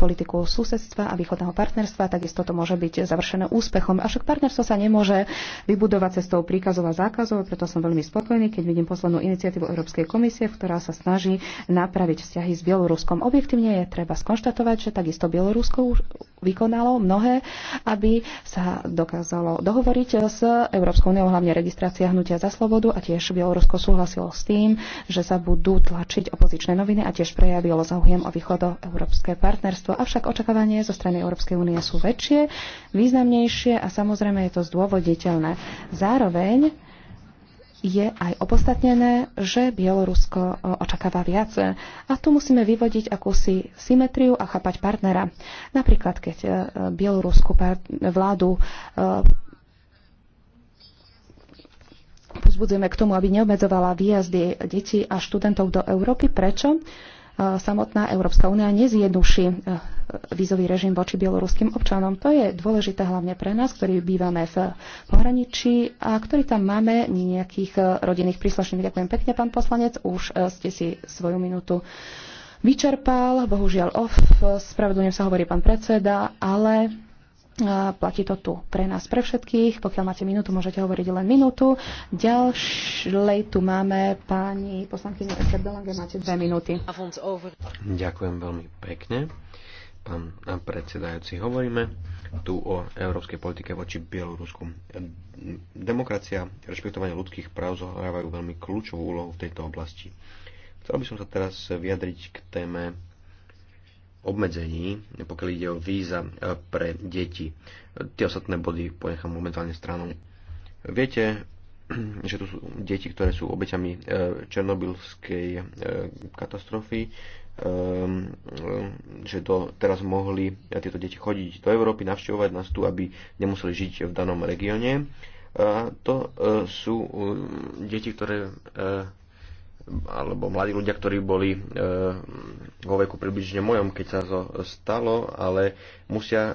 [SPEAKER 4] politiku susedstva a východného partnerstva, takisto to môže byť završené úspechom. Avšak partnerstvo sa nemôže vybudovať cestou príkazov a zákazov, preto som veľmi spokojný, keď vidím poslednú iniciatívu Európskej komisie, ktorá sa snaží napraviť vzťahy s Bieloruskom. Objektívne je treba skonštatovať, že takisto Bielorusko vykonalo mnohé, aby sa dokázalo dohovoriť s Európskou úniou, hlavne registrácia hnutia za slobodu a tiež Bielorusko súhlasilo s tým, že sa budú tlačiť opozičné noviny a tiež prejavilo záujem o európske partnerstvo. Avšak očakávanie zo strany Európskej únie sú väčšie, významnejšie a samozrejme je to zdôvoditeľné. Zároveň je aj opodstatnené, že Bielorusko e, očakáva viac. A tu musíme vyvodiť akúsi symetriu a chápať partnera. Napríklad, keď e, Bielorusku vládu e, pozbudzujeme k tomu, aby neobmedzovala výjazdy detí a študentov do Európy. Prečo? E, samotná Európska únia nezjednuší e, vízový režim voči bieloruským občanom. To je dôležité hlavne pre nás, ktorí bývame v pohraničí a ktorí tam máme nejakých e, rodinných príslušníkov. Ďakujem pekne, pán poslanec. Už ste si svoju minútu vyčerpal. Bohužiaľ, off, spravedlňujem sa, hovorí pán predseda, ale Platí to tu pre nás, pre všetkých. Pokiaľ máte minútu, môžete hovoriť len minútu. Ďalej tu máme pani poslankyňu Esther Delange. Máte dve
[SPEAKER 3] minúty.
[SPEAKER 1] Ďakujem veľmi pekne. Pán predsedajúci, hovoríme tu o európskej politike voči Bielorusku. Demokracia, rešpektovanie ľudských práv zohrávajú veľmi kľúčovú úlohu v tejto oblasti. Chcel by som sa teraz vyjadriť k téme obmedzení, pokiaľ ide o víza e, pre deti. Tie ostatné body ponechám momentálne stranou. Viete, že tu sú deti, ktoré sú obeťami e, černobylskej e, katastrofy, ehm, že do, teraz mohli tieto deti chodiť do Európy, navštevovať nás tu, aby nemuseli žiť v danom regióne. A to sú deti, ktoré alebo mladí ľudia, ktorí boli e, vo veku približne mojom, keď sa to stalo, ale musia e,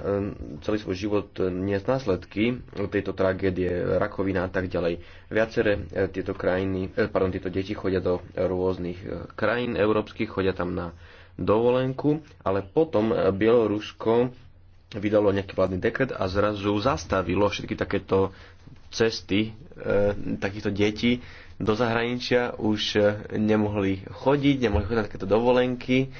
[SPEAKER 1] celý svoj život niesť následky tejto tragédie, rakovina a tak ďalej. Viacere tieto krajiny, e, pardon, tieto deti chodia do rôznych krajín európskych, chodia tam na dovolenku, ale potom Bielorusko vydalo nejaký vládny dekret a zrazu zastavilo všetky takéto cesty e, takýchto detí do zahraničia už e, nemohli chodiť, nemohli chodiť na takéto dovolenky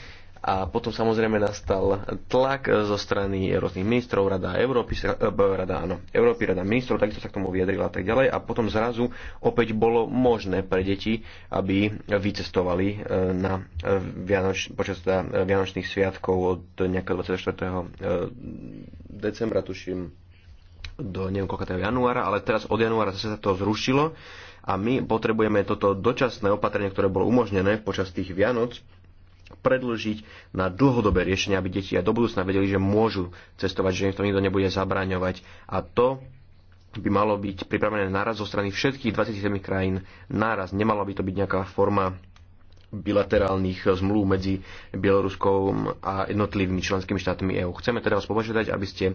[SPEAKER 1] a potom samozrejme nastal tlak zo strany rôznych ministrov, Rada Európy, e, e, Rada, áno, Európy, Rada ministrov, takisto sa k tomu vyjadrila a tak ďalej a potom zrazu opäť bolo možné pre deti, aby vycestovali na Vianoč, počas Vianočných sviatkov od nejakého 24. decembra, tuším, do neviem koľko januára, ale teraz od januára sa to zrušilo a my potrebujeme toto dočasné opatrenie, ktoré bolo umožnené počas tých Vianoc, predlžiť na dlhodobé riešenie, aby deti aj do budúcna vedeli, že môžu cestovať, že im to nikto nebude zabraňovať. A to by malo byť pripravené naraz zo strany všetkých 27 krajín naraz. Nemala by to byť nejaká forma bilaterálnych zmluv medzi Bieloruskou a jednotlivými členskými štátmi EÚ. Chceme teda vás aby ste eh,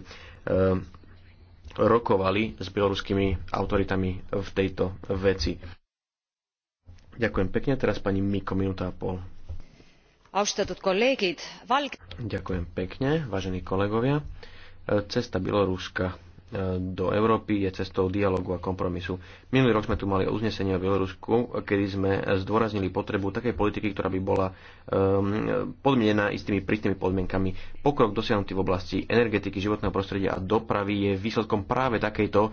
[SPEAKER 1] rokovali s bieloruskými autoritami v tejto veci. Ďakujem pekne, teraz pani Miko, minúta a pol. Ďakujem pekne, vážení kolegovia. E, cesta Bieloruska do Európy je cestou dialogu a kompromisu. Minulý rok sme tu mali uznesenie o Bielorusku, kedy sme zdôraznili potrebu takej politiky, ktorá by bola um, podmienená istými prísnymi podmienkami. Pokrok dosiahnutý v oblasti energetiky, životného prostredia a dopravy je výsledkom práve takejto eh,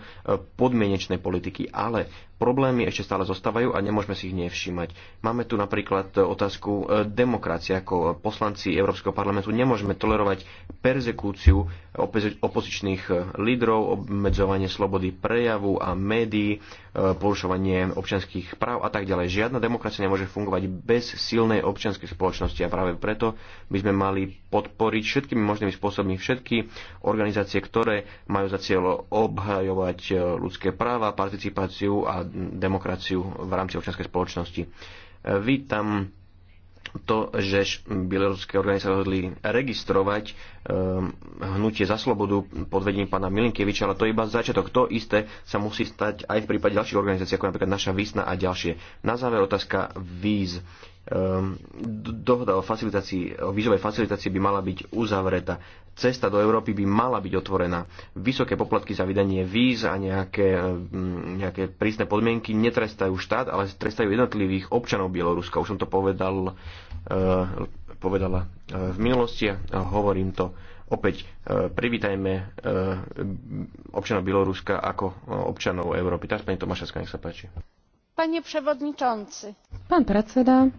[SPEAKER 1] podmienečnej politiky, ale problémy ešte stále zostávajú a nemôžeme si ich nevšímať. Máme tu napríklad otázku e, demokracie. Ako poslanci Európskeho parlamentu nemôžeme tolerovať persekúciu opozičných e, lídrov, obmedzovanie slobody prejavu a médií, e, porušovanie občianských práv a tak ďalej. Žiadna demokracia nemôže fungovať bez silnej občianskej spoločnosti a práve preto by sme mali podporiť všetkými možnými spôsobmi všetky organizácie, ktoré majú za cieľ obhajovať ľudské práva, participáciu a demokraciu v rámci občianskej spoločnosti. Vítam to, že bieloruské orgány sa rozhodli registrovať um, hnutie za slobodu pod vedením pána Milinkeviča, ale to je iba začiatok. To isté sa musí stať aj v prípade ďalších organizácií, ako napríklad naša Výsna a ďalšie. Na záver otázka víz. Ehm, dohoda o, facilitácii, o vízovej facilitácii by mala byť uzavretá. Cesta do Európy by mala byť otvorená. Vysoké poplatky za vydanie víz a nejaké, ehm, nejaké prísne podmienky netrestajú štát, ale trestajú jednotlivých občanov Bieloruska. Už som to povedal, ehm, povedala v minulosti a hovorím to opäť. Privítajme občanov Bieloruska ako občanov Európy. Teraz pani Tomaševská, nech sa páči.
[SPEAKER 3] Panie przewodniczący.
[SPEAKER 4] Pan predseda,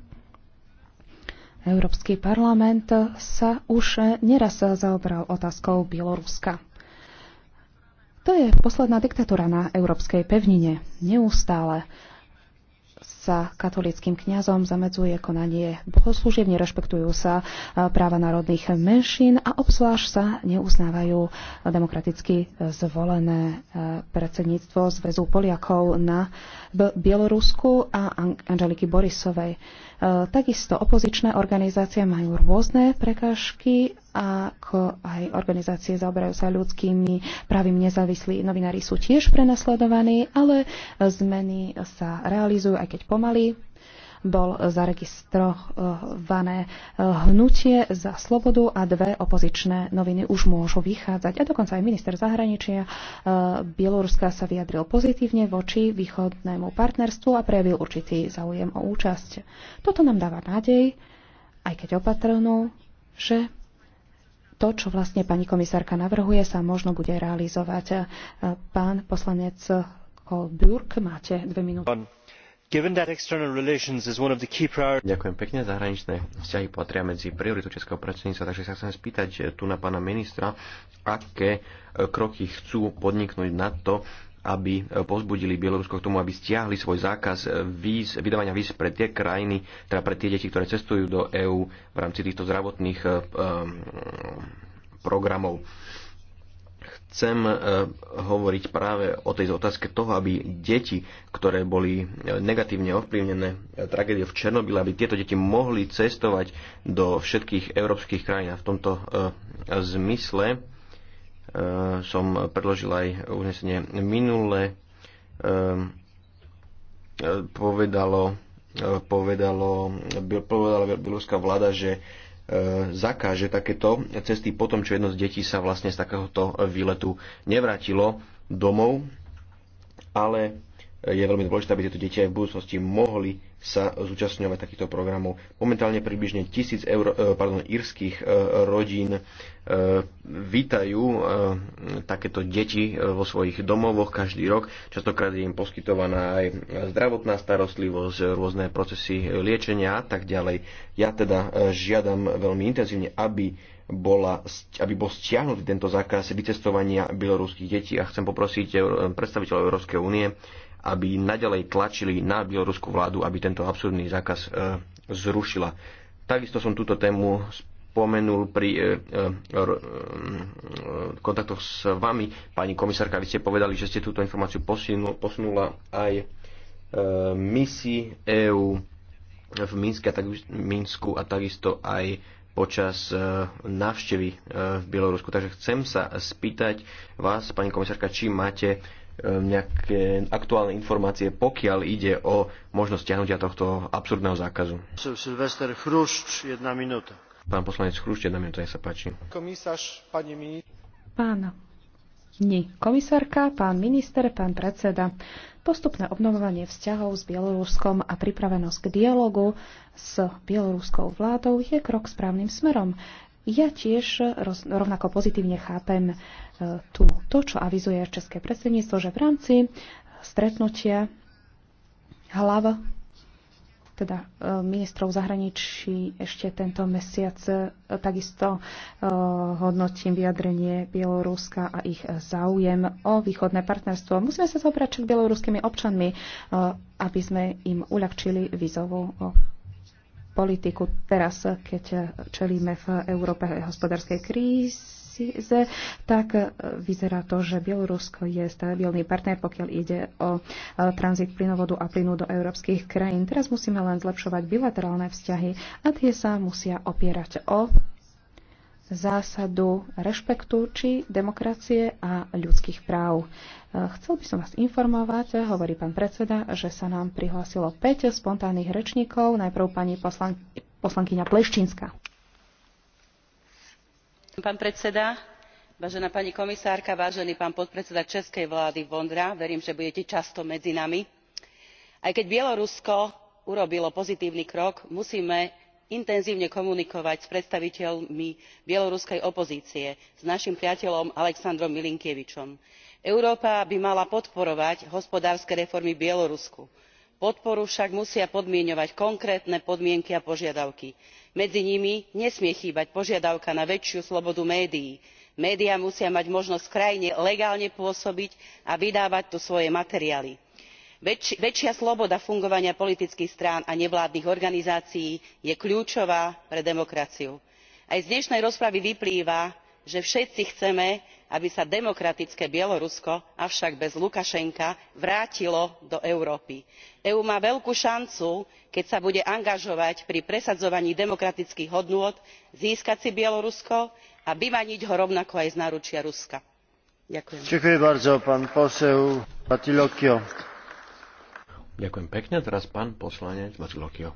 [SPEAKER 4] Európsky parlament sa už neraz zaoberal otázkou Bieloruska. To je posledná diktatúra na európskej pevnine. Neustále sa katolickým kňazom zamedzuje konanie bohoslúžieb, nerešpektujú sa eh, práva národných menšín a obzvlášť sa neuznávajú demokraticky zvolené eh, predsedníctvo Zväzu Poliakov na Bielorusku a Angeliky Borisovej. Eh, takisto opozičné organizácie majú rôzne prekážky ako aj organizácie zaoberajú sa ľudskými právim nezávislí novinári sú tiež prenasledovaní, ale zmeny sa realizujú, aj keď pomaly. Bol zaregistrované eh, hnutie za slobodu a dve opozičné noviny už môžu vychádzať. A dokonca aj minister zahraničia eh, Bieloruska sa vyjadril pozitívne voči východnému partnerstvu a prejavil určitý záujem o účasť. Toto nám dáva nádej, aj keď opatrnú, že to, čo vlastne pani komisárka navrhuje, sa možno bude realizovať. Pán poslanec Kolbjörk, máte dve minúty.
[SPEAKER 1] Ďakujem pekne. Zahraničné vzťahy patria medzi prioritu Českého predsedníctva, takže sa chcem spýtať e, tu na pána ministra, aké e, kroky chcú podniknúť na to, aby e, pozbudili Bielorusko k tomu, aby stiahli svoj zákaz e, víz, vydávania víz pre tie krajiny, teda pre tie deti, ktoré cestujú do EÚ v rámci týchto zdravotných um, programov. Chcem uh, hovoriť práve o tej otázke toho, aby deti, ktoré boli negatívne ovplyvnené tragédiou v Černobyle, aby tieto deti mohli cestovať do všetkých európskych krajín. A v tomto uh, zmysle Eh, som predložil aj uznesenie minule, ehm, eh, povedalo, eh, povedalo, povedala bieloruská vláda, že zakáže takéto cesty po tom, čo jedno z detí sa vlastne z takéhoto výletu nevrátilo domov, ale je veľmi dôležité, aby tieto deti aj v budúcnosti mohli sa zúčastňovať takýchto programov. Momentálne približne tisíc eur, e, pardon, írskych e, rodín e, vítajú takéto deti vo svojich domovoch každý rok. Častokrát je im poskytovaná aj zdravotná starostlivosť, rôzne procesy liečenia a tak ďalej. Ja teda žiadam veľmi intenzívne, aby bola, aby bol stiahnutý tento zákaz vycestovania bieloruských detí a chcem poprosiť predstaviteľov Európskej únie, aby nadalej tlačili na bieloruskú vládu, aby tento absurdný zákaz e, zrušila. Takisto som túto tému spomenul pri e, e, kontaktoch s vami. Pani komisárka, vy ste povedali, že ste túto informáciu posunula aj misi EÚ v Minsku a, tak, Minsku a takisto aj počas návštevy v Bielorusku. Takže chcem sa spýtať vás, pani komisárka, či máte Ehm, nejaké aktuálne informácie, pokiaľ ide o možnosť stiahnutia tohto absurdného zákazu. Silvester Chrušč, jedna minúta. Pán poslanec Chrušč, jedna minúta, nech sa páči. Komisáš, pani minister.
[SPEAKER 4] Pán ni, komisárka, pán minister, pán predseda. Postupné obnovovanie vzťahov s Bieloruskom a pripravenosť k dialogu s bieloruskou vládou je krok správnym smerom. Ja tiež rovnako pozitívne chápem tu to, čo avizuje České predsedníctvo, že v rámci stretnutia hlav teda e, ministrov zahraničí ešte tento mesiac. E, takisto e, hodnotím vyjadrenie Bieloruska a ich záujem o východné partnerstvo. Musíme sa zobrať však bieloruskými občanmi, aby sme im uľahčili vizovú politiku teraz, keď čelíme v Európe hospodárskej kríze kríze, tak e, vyzerá to, že Bielorusko je stabilný partner, pokiaľ ide o e, tranzit plynovodu a plynu do európskych krajín. Teraz musíme len zlepšovať bilaterálne vzťahy a tie sa musia opierať o zásadu rešpektu či demokracie a ľudských práv. E, chcel by som vás informovať, hovorí pán predseda, že sa nám prihlásilo 5 spontánnych rečníkov, najprv pani poslankyňa Pleštinská
[SPEAKER 2] pán predseda vážená pani komisárka vážený pán podpredseda českej vlády vondra verím že budete často medzi nami. aj keď bielorusko urobilo pozitívny krok musíme intenzívne komunikovať s predstaviteľmi bieloruskej opozície s naším priateľom alexandrom milinkievičom. európa by mala podporovať hospodárske reformy v bielorusku podporu však musia podmieňovať konkrétne podmienky a požiadavky medzi nimi nesmie chýbať požiadavka na väčšiu slobodu médií. médiá musia mať možnosť v krajine legálne pôsobiť a vydávať tu svoje materiály. väčšia sloboda fungovania politických strán a nevládnych organizácií je kľúčová pre demokraciu. aj z dnešnej rozpravy vyplýva že všetci chceme aby sa demokratické bielorusko avšak bez lukašenka vrátilo do európy. eú má veľkú šancu keď sa bude angažovať pri presadzovaní demokratických hodnôt získať si bielorusko a vymaniť ho rovnako aj z náručia ruska.
[SPEAKER 1] ďakujem. Ďakujem pekne. Teraz pán poslanec Mazzulokio.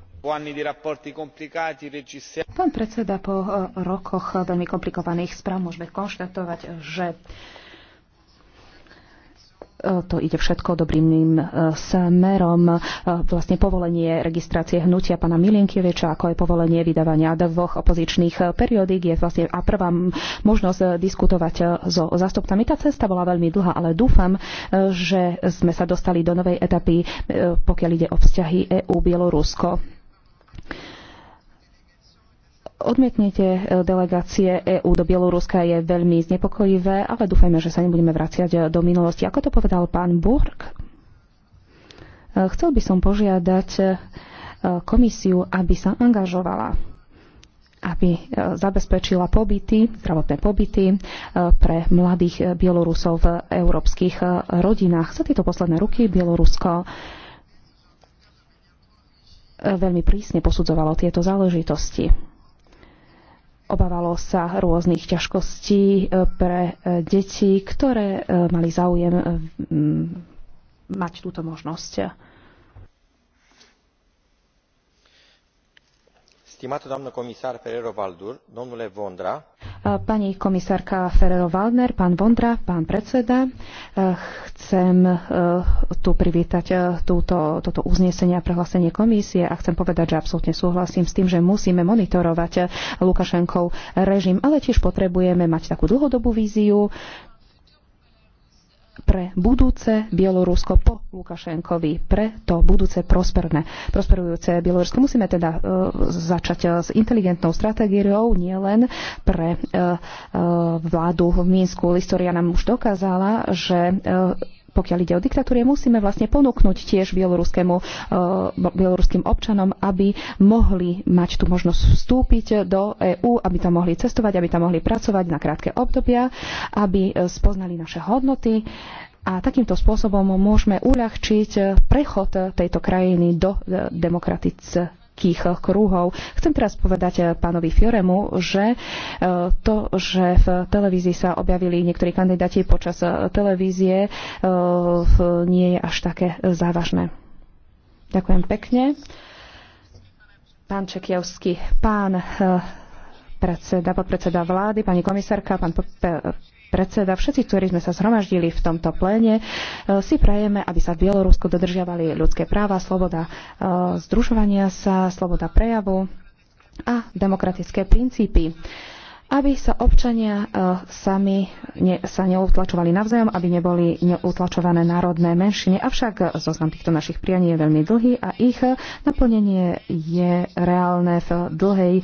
[SPEAKER 4] Pán predseda, po eh, rokoch veľmi komplikovaných správ môžeme konštatovať, že E, to ide všetko dobrým e, smerom. E, vlastne povolenie registrácie hnutia pana Milienkieviča, ako aj povolenie vydávania dvoch opozičných periodík je vlastne a prvá možnosť diskutovať so zastupcami. Tá cesta bola veľmi dlhá, ale dúfam, že sme sa dostali do novej etapy, pokiaľ ide o vzťahy EU-Bielorusko Odmietnete e, delegácie EÚ do Bieloruska je veľmi znepokojivé, ale dúfajme, že sa nebudeme vraciať e, do minulosti. Ako to povedal pán Burg, e, chcel by som požiadať komisiu, aby sa angažovala aby zabezpečila pobyty, zdravotné pobyty pre mladých Bielorusov v európskych rodinách. Za tieto posledné ruky Bielorusko veľmi prísne posudzovalo tieto záležitosti Obávalo sa rôznych ťažkostí e, pre e, deti, ktoré e, mali záujem mať túto možnosť.
[SPEAKER 1] Stimată doamnă comisar Ferrero Valdur, domnule Vondra.
[SPEAKER 4] Pani komisárka Ferrero Valdner, pán Vondra, pán predseda, e, chcem e, tu privítať e, túto, toto uznesenie a prehlásenie komisie a chcem povedať, že absolútne súhlasím s tým, že musíme monitorovať Lukašenkov režim, ale tiež potrebujeme mať takú dlhodobú víziu, pre budúce Bielorusko po Lukašenkovi, pre to budúce prosperné, prosperujúce Bielorusko. Musíme teda e, začať e, s inteligentnou stratégiou, nielen pre e, e, vládu v Minsku. História nám už dokázala, že e, pokiaľ ide o diktatúrie, musíme vlastne ponúknuť tiež bieloruskému, eh, bieloruským občanom, aby mohli mať tú možnosť vstúpiť do EÚ, aby tam mohli cestovať, aby tam mohli pracovať na krátke obdobia, aby eh, spoznali naše hodnoty a takýmto spôsobom môžeme uľahčiť eh, prechod tejto krajiny do demokratického úzkých eh, krúhov. Chcem teraz povedať eh, pánovi Fioremu, že eh, to, že v televízii sa objavili niektorí kandidáti počas televízie, nie je až také závažné. Ďakujem pekne. Pán Čekiavský, pán predseda, podpredseda vlády, pani komisárka, pán predseda, všetci, ktorí sme sa zhromaždili v tomto pléne, e, si prajeme, aby sa v Bielorusku dodržiavali ľudské práva, sloboda e, združovania sa, sloboda prejavu a demokratické princípy aby sa občania e, sami ne, sa neutlačovali navzájom, aby neboli neutlačované národné menšiny. Avšak e, zoznam týchto našich prianí je veľmi dlhý a ich e, naplnenie je reálne v dlhej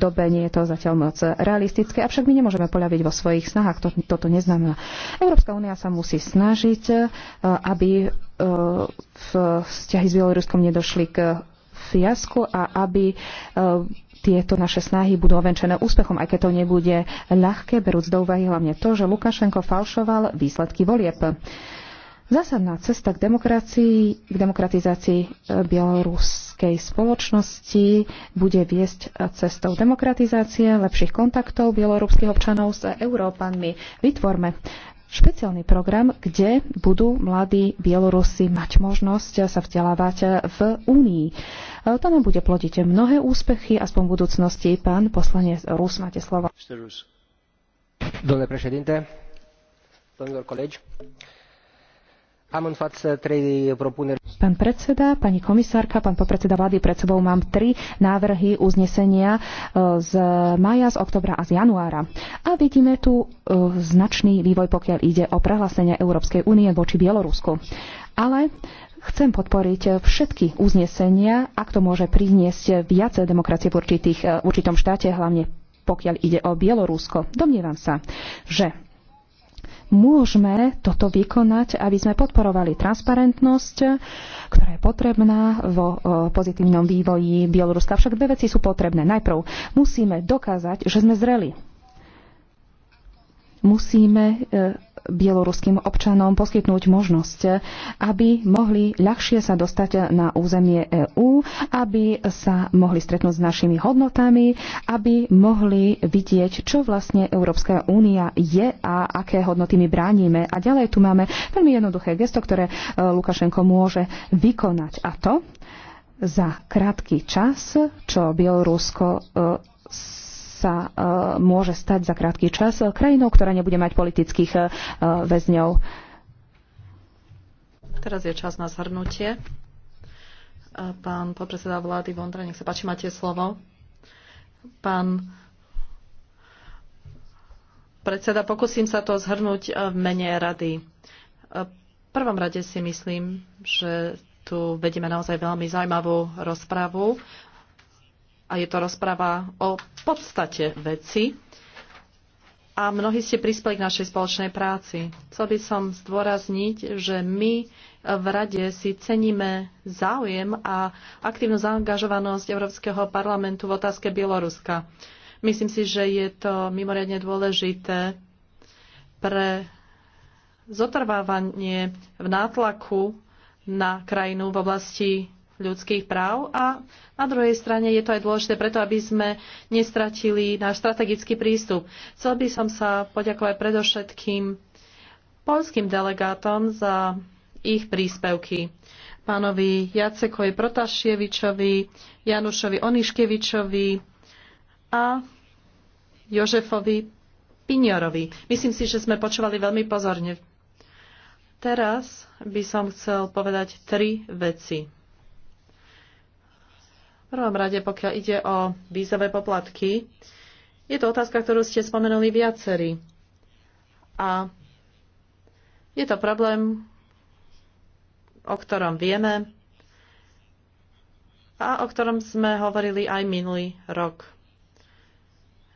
[SPEAKER 4] dobe. Nie je to zatiaľ moc realistické, avšak my nemôžeme poľaviť vo svojich snahách. Toto, toto neznamená. Európska únia sa musí snažiť, aby vzťahy s Bieloruskom nedošli k fiasku a aby tieto naše snahy budú ovenčené úspechom, aj keď to nebude ľahké, berúc do úvahy hlavne to, že Lukašenko falšoval výsledky volieb. Zásadná cesta k, demokracii, k demokratizácii e, bieloruskej spoločnosti bude viesť e, cestou demokratizácie, lepších kontaktov bieloruských občanov s Európanmi. Vytvorme špeciálny program, kde budú mladí Bielorusi mať možnosť sa vzdelávať v Únii to nám bude plodiť mnohé úspechy, aspoň v budúcnosti. Pán poslanec Rus, máte slovo.
[SPEAKER 1] președinte, domnilor colegi, am în față trei propuneri.
[SPEAKER 4] Pán predseda, pani komisárka, pán popredseda vlády, pred sebou mám tri návrhy uznesenia e, z maja, z oktobra a z januára. A vidíme tu e, značný vývoj, pokiaľ ide o prehlásenie Európskej únie voči Bielorusku. Ale Chcem podporiť eh, všetky uznesenia, ak to môže priniesť viac demokracie v, určitých, eh, v určitom štáte, hlavne pokiaľ ide o Bielorusko. Domnievam sa, že môžeme toto vykonať, aby sme podporovali transparentnosť, ktorá je potrebná vo eh, pozitívnom vývoji Bieloruska. Však dve veci sú potrebné. Najprv musíme dokázať, že sme zreli. Musíme bieloruským občanom poskytnúť možnosť, aby mohli ľahšie sa dostať na územie EÚ, aby sa mohli stretnúť s našimi hodnotami, aby mohli vidieť, čo vlastne Európska únia je a aké hodnoty my bránime. A ďalej tu máme veľmi jednoduché gesto, ktoré e, Lukašenko môže vykonať. A to za krátky čas, čo Bielorusko e, sa e, môže stať za krátky čas krajinou, ktorá nebude mať politických e, väzňov.
[SPEAKER 3] Teraz je čas na zhrnutie. E, pán podpredseda vlády Vondra, nech sa páči, máte slovo. Pán predseda, pokúsim sa to zhrnúť v mene rady. V prvom rade si myslím, že tu vedieme naozaj veľmi zaujímavú rozpravu a je to rozpráva o podstate veci a mnohí ste prispeli k našej spoločnej práci. Chcel by som zdôrazniť, že my v Rade si ceníme záujem a aktívnu zaangažovanosť Európskeho parlamentu v otázke Bieloruska. Myslím si, že je to mimoriadne dôležité pre zotrvávanie v nátlaku na krajinu v oblasti ľudských práv a na druhej strane je to aj dôležité preto, aby sme nestratili náš strategický prístup. Chcel by som sa poďakovať predovšetkým polským delegátom za ich príspevky. Pánovi Jacekovi Protašievičovi, Janušovi Oniškevičovi a Jožefovi Piniorovi. Myslím si, že sme počúvali veľmi pozorne. Teraz by som chcel povedať tri veci prvom rade, pokiaľ ide o vízové poplatky, je to otázka, ktorú ste spomenuli viacerí. A je to problém, o ktorom vieme a o ktorom sme hovorili aj minulý rok.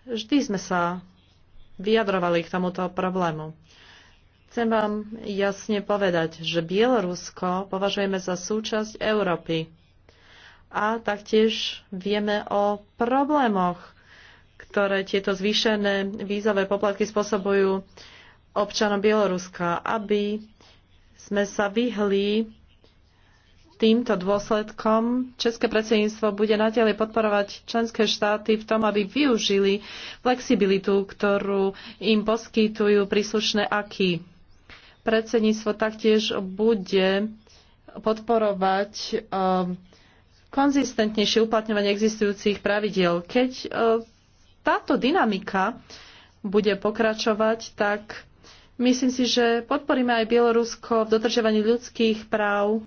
[SPEAKER 3] Vždy sme sa vyjadrovali k tomuto problému. Chcem vám jasne povedať, že Bielorusko považujeme za súčasť Európy a taktiež vieme o problémoch, ktoré tieto zvýšené vízové poplatky spôsobujú občanom Bieloruska, aby sme sa vyhli týmto dôsledkom České predsedníctvo bude nadalej podporovať členské štáty v tom, aby využili flexibilitu, ktorú im poskytujú príslušné aky. Predsedníctvo taktiež bude podporovať um, konzistentnejšie uplatňovanie existujúcich pravidiel. Keď e, táto dynamika bude pokračovať, tak myslím si, že podporíme aj Bielorusko v dodržiavaní ľudských práv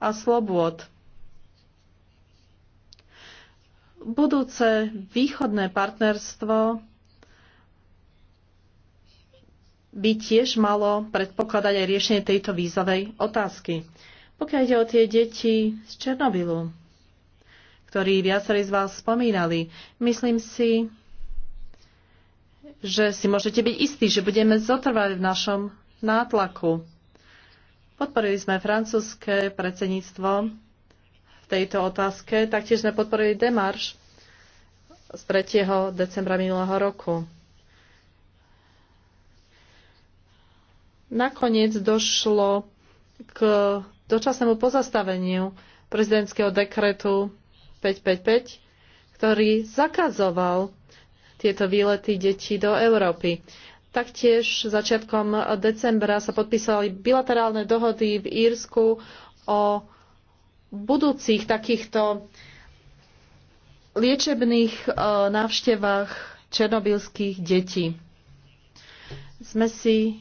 [SPEAKER 3] a slobôd. Budúce východné partnerstvo by tiež malo predpokladať aj riešenie tejto vízovej otázky. Pokiaľ ide o tie deti z Černobylu, ktorý viacerí z vás spomínali. Myslím si, že si môžete byť istí, že budeme zotrvať v našom nátlaku. Podporili sme francúzske predsedníctvo v tejto otázke, taktiež sme podporili demarš z 3. decembra minulého roku. Nakoniec došlo k dočasnému pozastaveniu prezidentského dekretu 555, ktorý zakazoval tieto výlety detí do Európy. Taktiež začiatkom decembra sa podpísali bilaterálne dohody v Írsku o budúcich takýchto liečebných návštevách černobylských detí. Sme si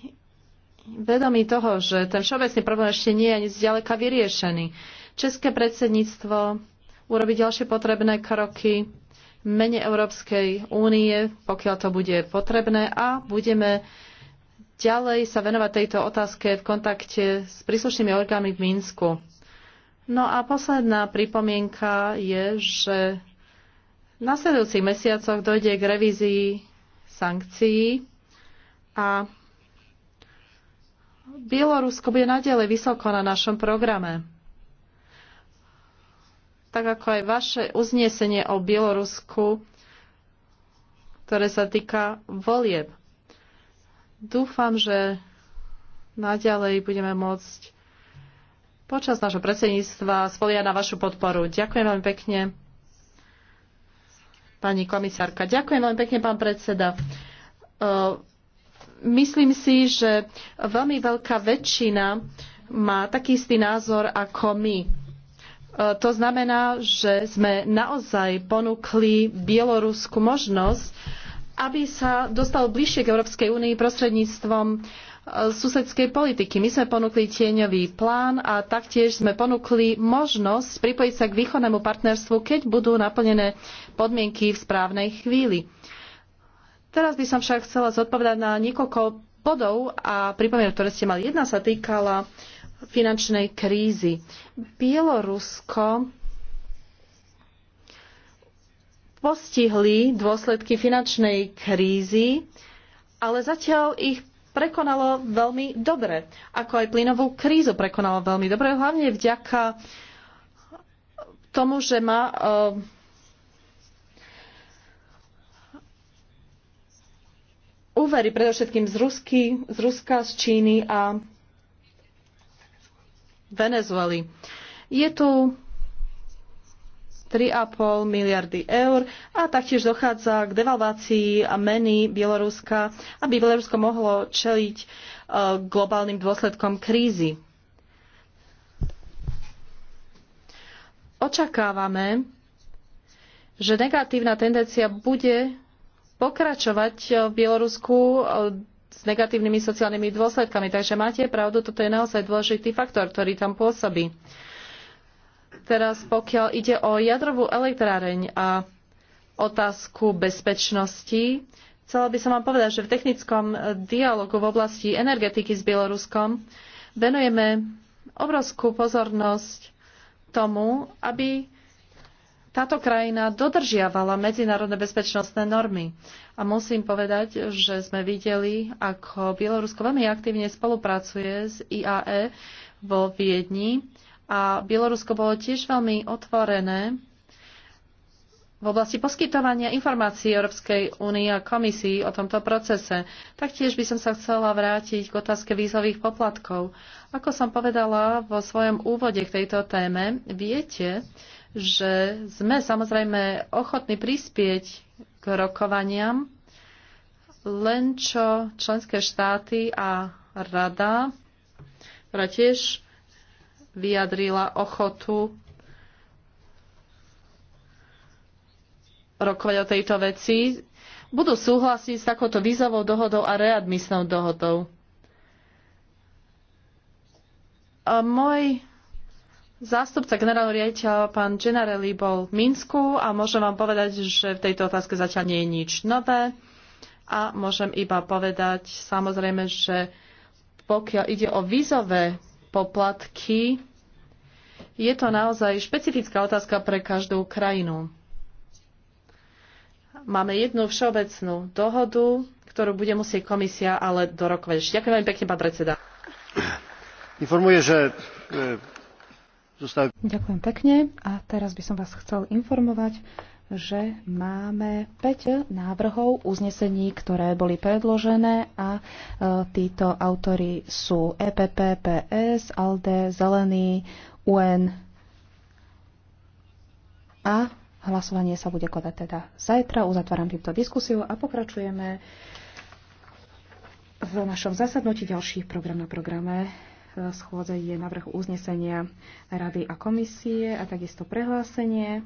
[SPEAKER 3] vedomi toho, že ten všeobecný problém ešte nie je ani zďaleka vyriešený. České predsedníctvo urobiť ďalšie potrebné kroky mene Európskej únie, pokiaľ to bude potrebné a budeme ďalej sa venovať tejto otázke v kontakte s príslušnými orgánmi v Mínsku. No a posledná pripomienka je, že v nasledujúcich mesiacoch dojde k revízii sankcií a Bielorusko bude nadalej vysoko na našom programe tak ako aj vaše uznesenie o Bielorusku, ktoré sa týka volieb. Dúfam, že naďalej budeme môcť počas nášho predsedníctva spolia na vašu podporu. Ďakujem veľmi pekne, pani komisárka. Ďakujem veľmi pekne, pán predseda. E, myslím si, že veľmi veľká väčšina má taký istý názor ako my E, to znamená, že sme naozaj ponúkli Bielorusku možnosť, aby sa dostal bližšie k Európskej únii prostredníctvom e, susedskej politiky. My sme ponúkli tieňový plán a taktiež sme ponúkli možnosť pripojiť sa k východnému partnerstvu, keď budú naplnené podmienky v správnej chvíli. Teraz by som však chcela zodpovedať na niekoľko bodov a pripomienok, ktoré ste mali. Jedna sa týkala finančnej krízy. Bielorusko postihli dôsledky finančnej krízy, ale zatiaľ ich prekonalo veľmi dobre. Ako aj plynovú krízu prekonalo veľmi dobre, hlavne vďaka tomu, že má eh, úvery predovšetkým z, Rusky, z Ruska, z Číny a Venezueli. Je tu 3,5 miliardy eur a taktiež dochádza k devalvácii a meny Bieloruska, aby Bielorusko mohlo čeliť e, globálnym dôsledkom krízy. Očakávame, že negatívna tendencia bude pokračovať v Bielorusku e, s negatívnymi sociálnymi dôsledkami. Takže máte pravdu, toto je naozaj dôležitý faktor, ktorý tam pôsobí. Teraz pokiaľ ide o jadrovú elektráreň a otázku bezpečnosti, chcela by som vám povedať, že v technickom dialogu v oblasti energetiky s Bieloruskom venujeme obrovskú pozornosť tomu, aby táto krajina dodržiavala medzinárodné bezpečnostné normy. A musím povedať, že sme videli, ako Bielorusko veľmi aktívne spolupracuje s IAE vo Viedni a Bielorusko bolo tiež veľmi otvorené v oblasti poskytovania informácií Európskej únie a komisii o tomto procese. Taktiež by som sa chcela vrátiť k otázke vízových poplatkov. Ako som povedala vo svojom úvode k tejto téme, viete, že sme samozrejme ochotní prispieť k rokovaniam, len čo členské štáty a rada, ktorá tiež vyjadrila ochotu rokovať o tejto veci, budú súhlasiť s takouto vízovou dohodou a readmisnou dohodou. A môj Zástupca generálneho riaditeľa pán Gennarelli bol v Minsku a môžem vám povedať, že v tejto otázke zatiaľ nie je nič nové a môžem iba povedať samozrejme, že pokiaľ ide o vízové poplatky, je to naozaj špecifická otázka pre každú krajinu. Máme jednu všeobecnú dohodu, ktorú bude musieť komisia ale dorokovať. Ďakujem veľmi pekne, pán predseda. Informuje, že e,
[SPEAKER 4] Ďakujem pekne a teraz by som vás chcel informovať, že máme 5 návrhov uznesení, ktoré boli predložené a e, títo autory sú EPP, PS, ALDE, Zelený, UN a hlasovanie sa bude kodať teda zajtra. Uzatváram týmto diskusiu a pokračujeme v našom zasadnutí ďalší program na programe schôdze je navrh uznesenia Rady a komisie a takisto prehlásenie,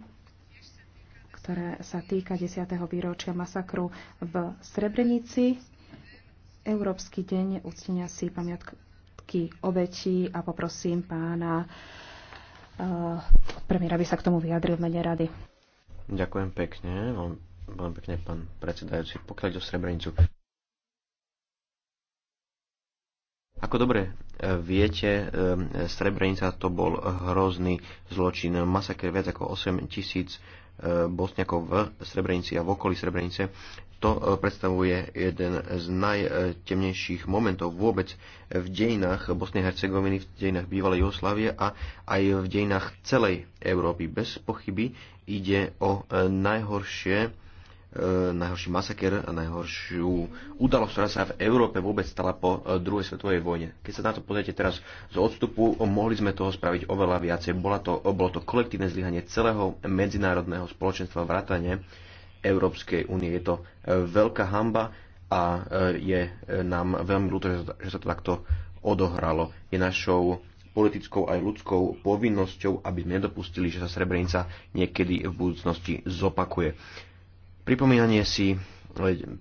[SPEAKER 4] ktoré sa týka 10. výročia masakru v Srebrenici, Európsky deň uctenia si pamiatky obetí a poprosím pána uh, premiéra, aby sa k tomu vyjadril v mene Rady.
[SPEAKER 1] Ďakujem pekne, veľmi pekne pán predsedajúci. Pokiaľ ide o Srebrenicu, Ako dobre e, viete, e, Srebrenica to bol hrozný zločin. Masaker viac ako 8 tisíc e, bosňakov v Srebrenici a v okolí Srebrenice. To predstavuje jeden z najtemnejších momentov vôbec v dejinách Bosnej Hercegoviny, v dejinách bývalej Jugoslávie a aj v dejinách celej Európy. Bez pochyby ide o najhoršie najhorší masaker a najhoršiu udalosť, ktorá sa v Európe vôbec stala po e, druhej svetovej vojne. Keď sa na to pozriete teraz z odstupu, mohli sme toho spraviť oveľa viacej. Bola to, bolo to kolektívne zlyhanie celého medzinárodného spoločenstva vrátane Európskej únie. Je to e, veľká hamba a e, je nám veľmi ľúto, že sa to takto odohralo. Je našou politickou aj ľudskou povinnosťou, aby sme nedopustili, že sa Srebrenica niekedy v budúcnosti zopakuje. Pripomínanie si,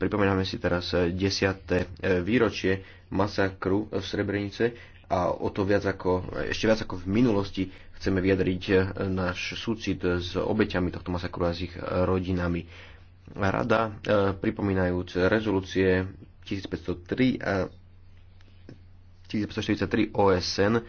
[SPEAKER 1] pripomíname si teraz 10. Eh, eh, výročie masakru v Srebrenice a o to viac ako, eh, ešte viac ako v minulosti chceme vyjadriť náš súcit s obeťami tohto masakru a s ich rodinami. Rada, pripomínajúc rezolúcie 1503 a 1543 OSN,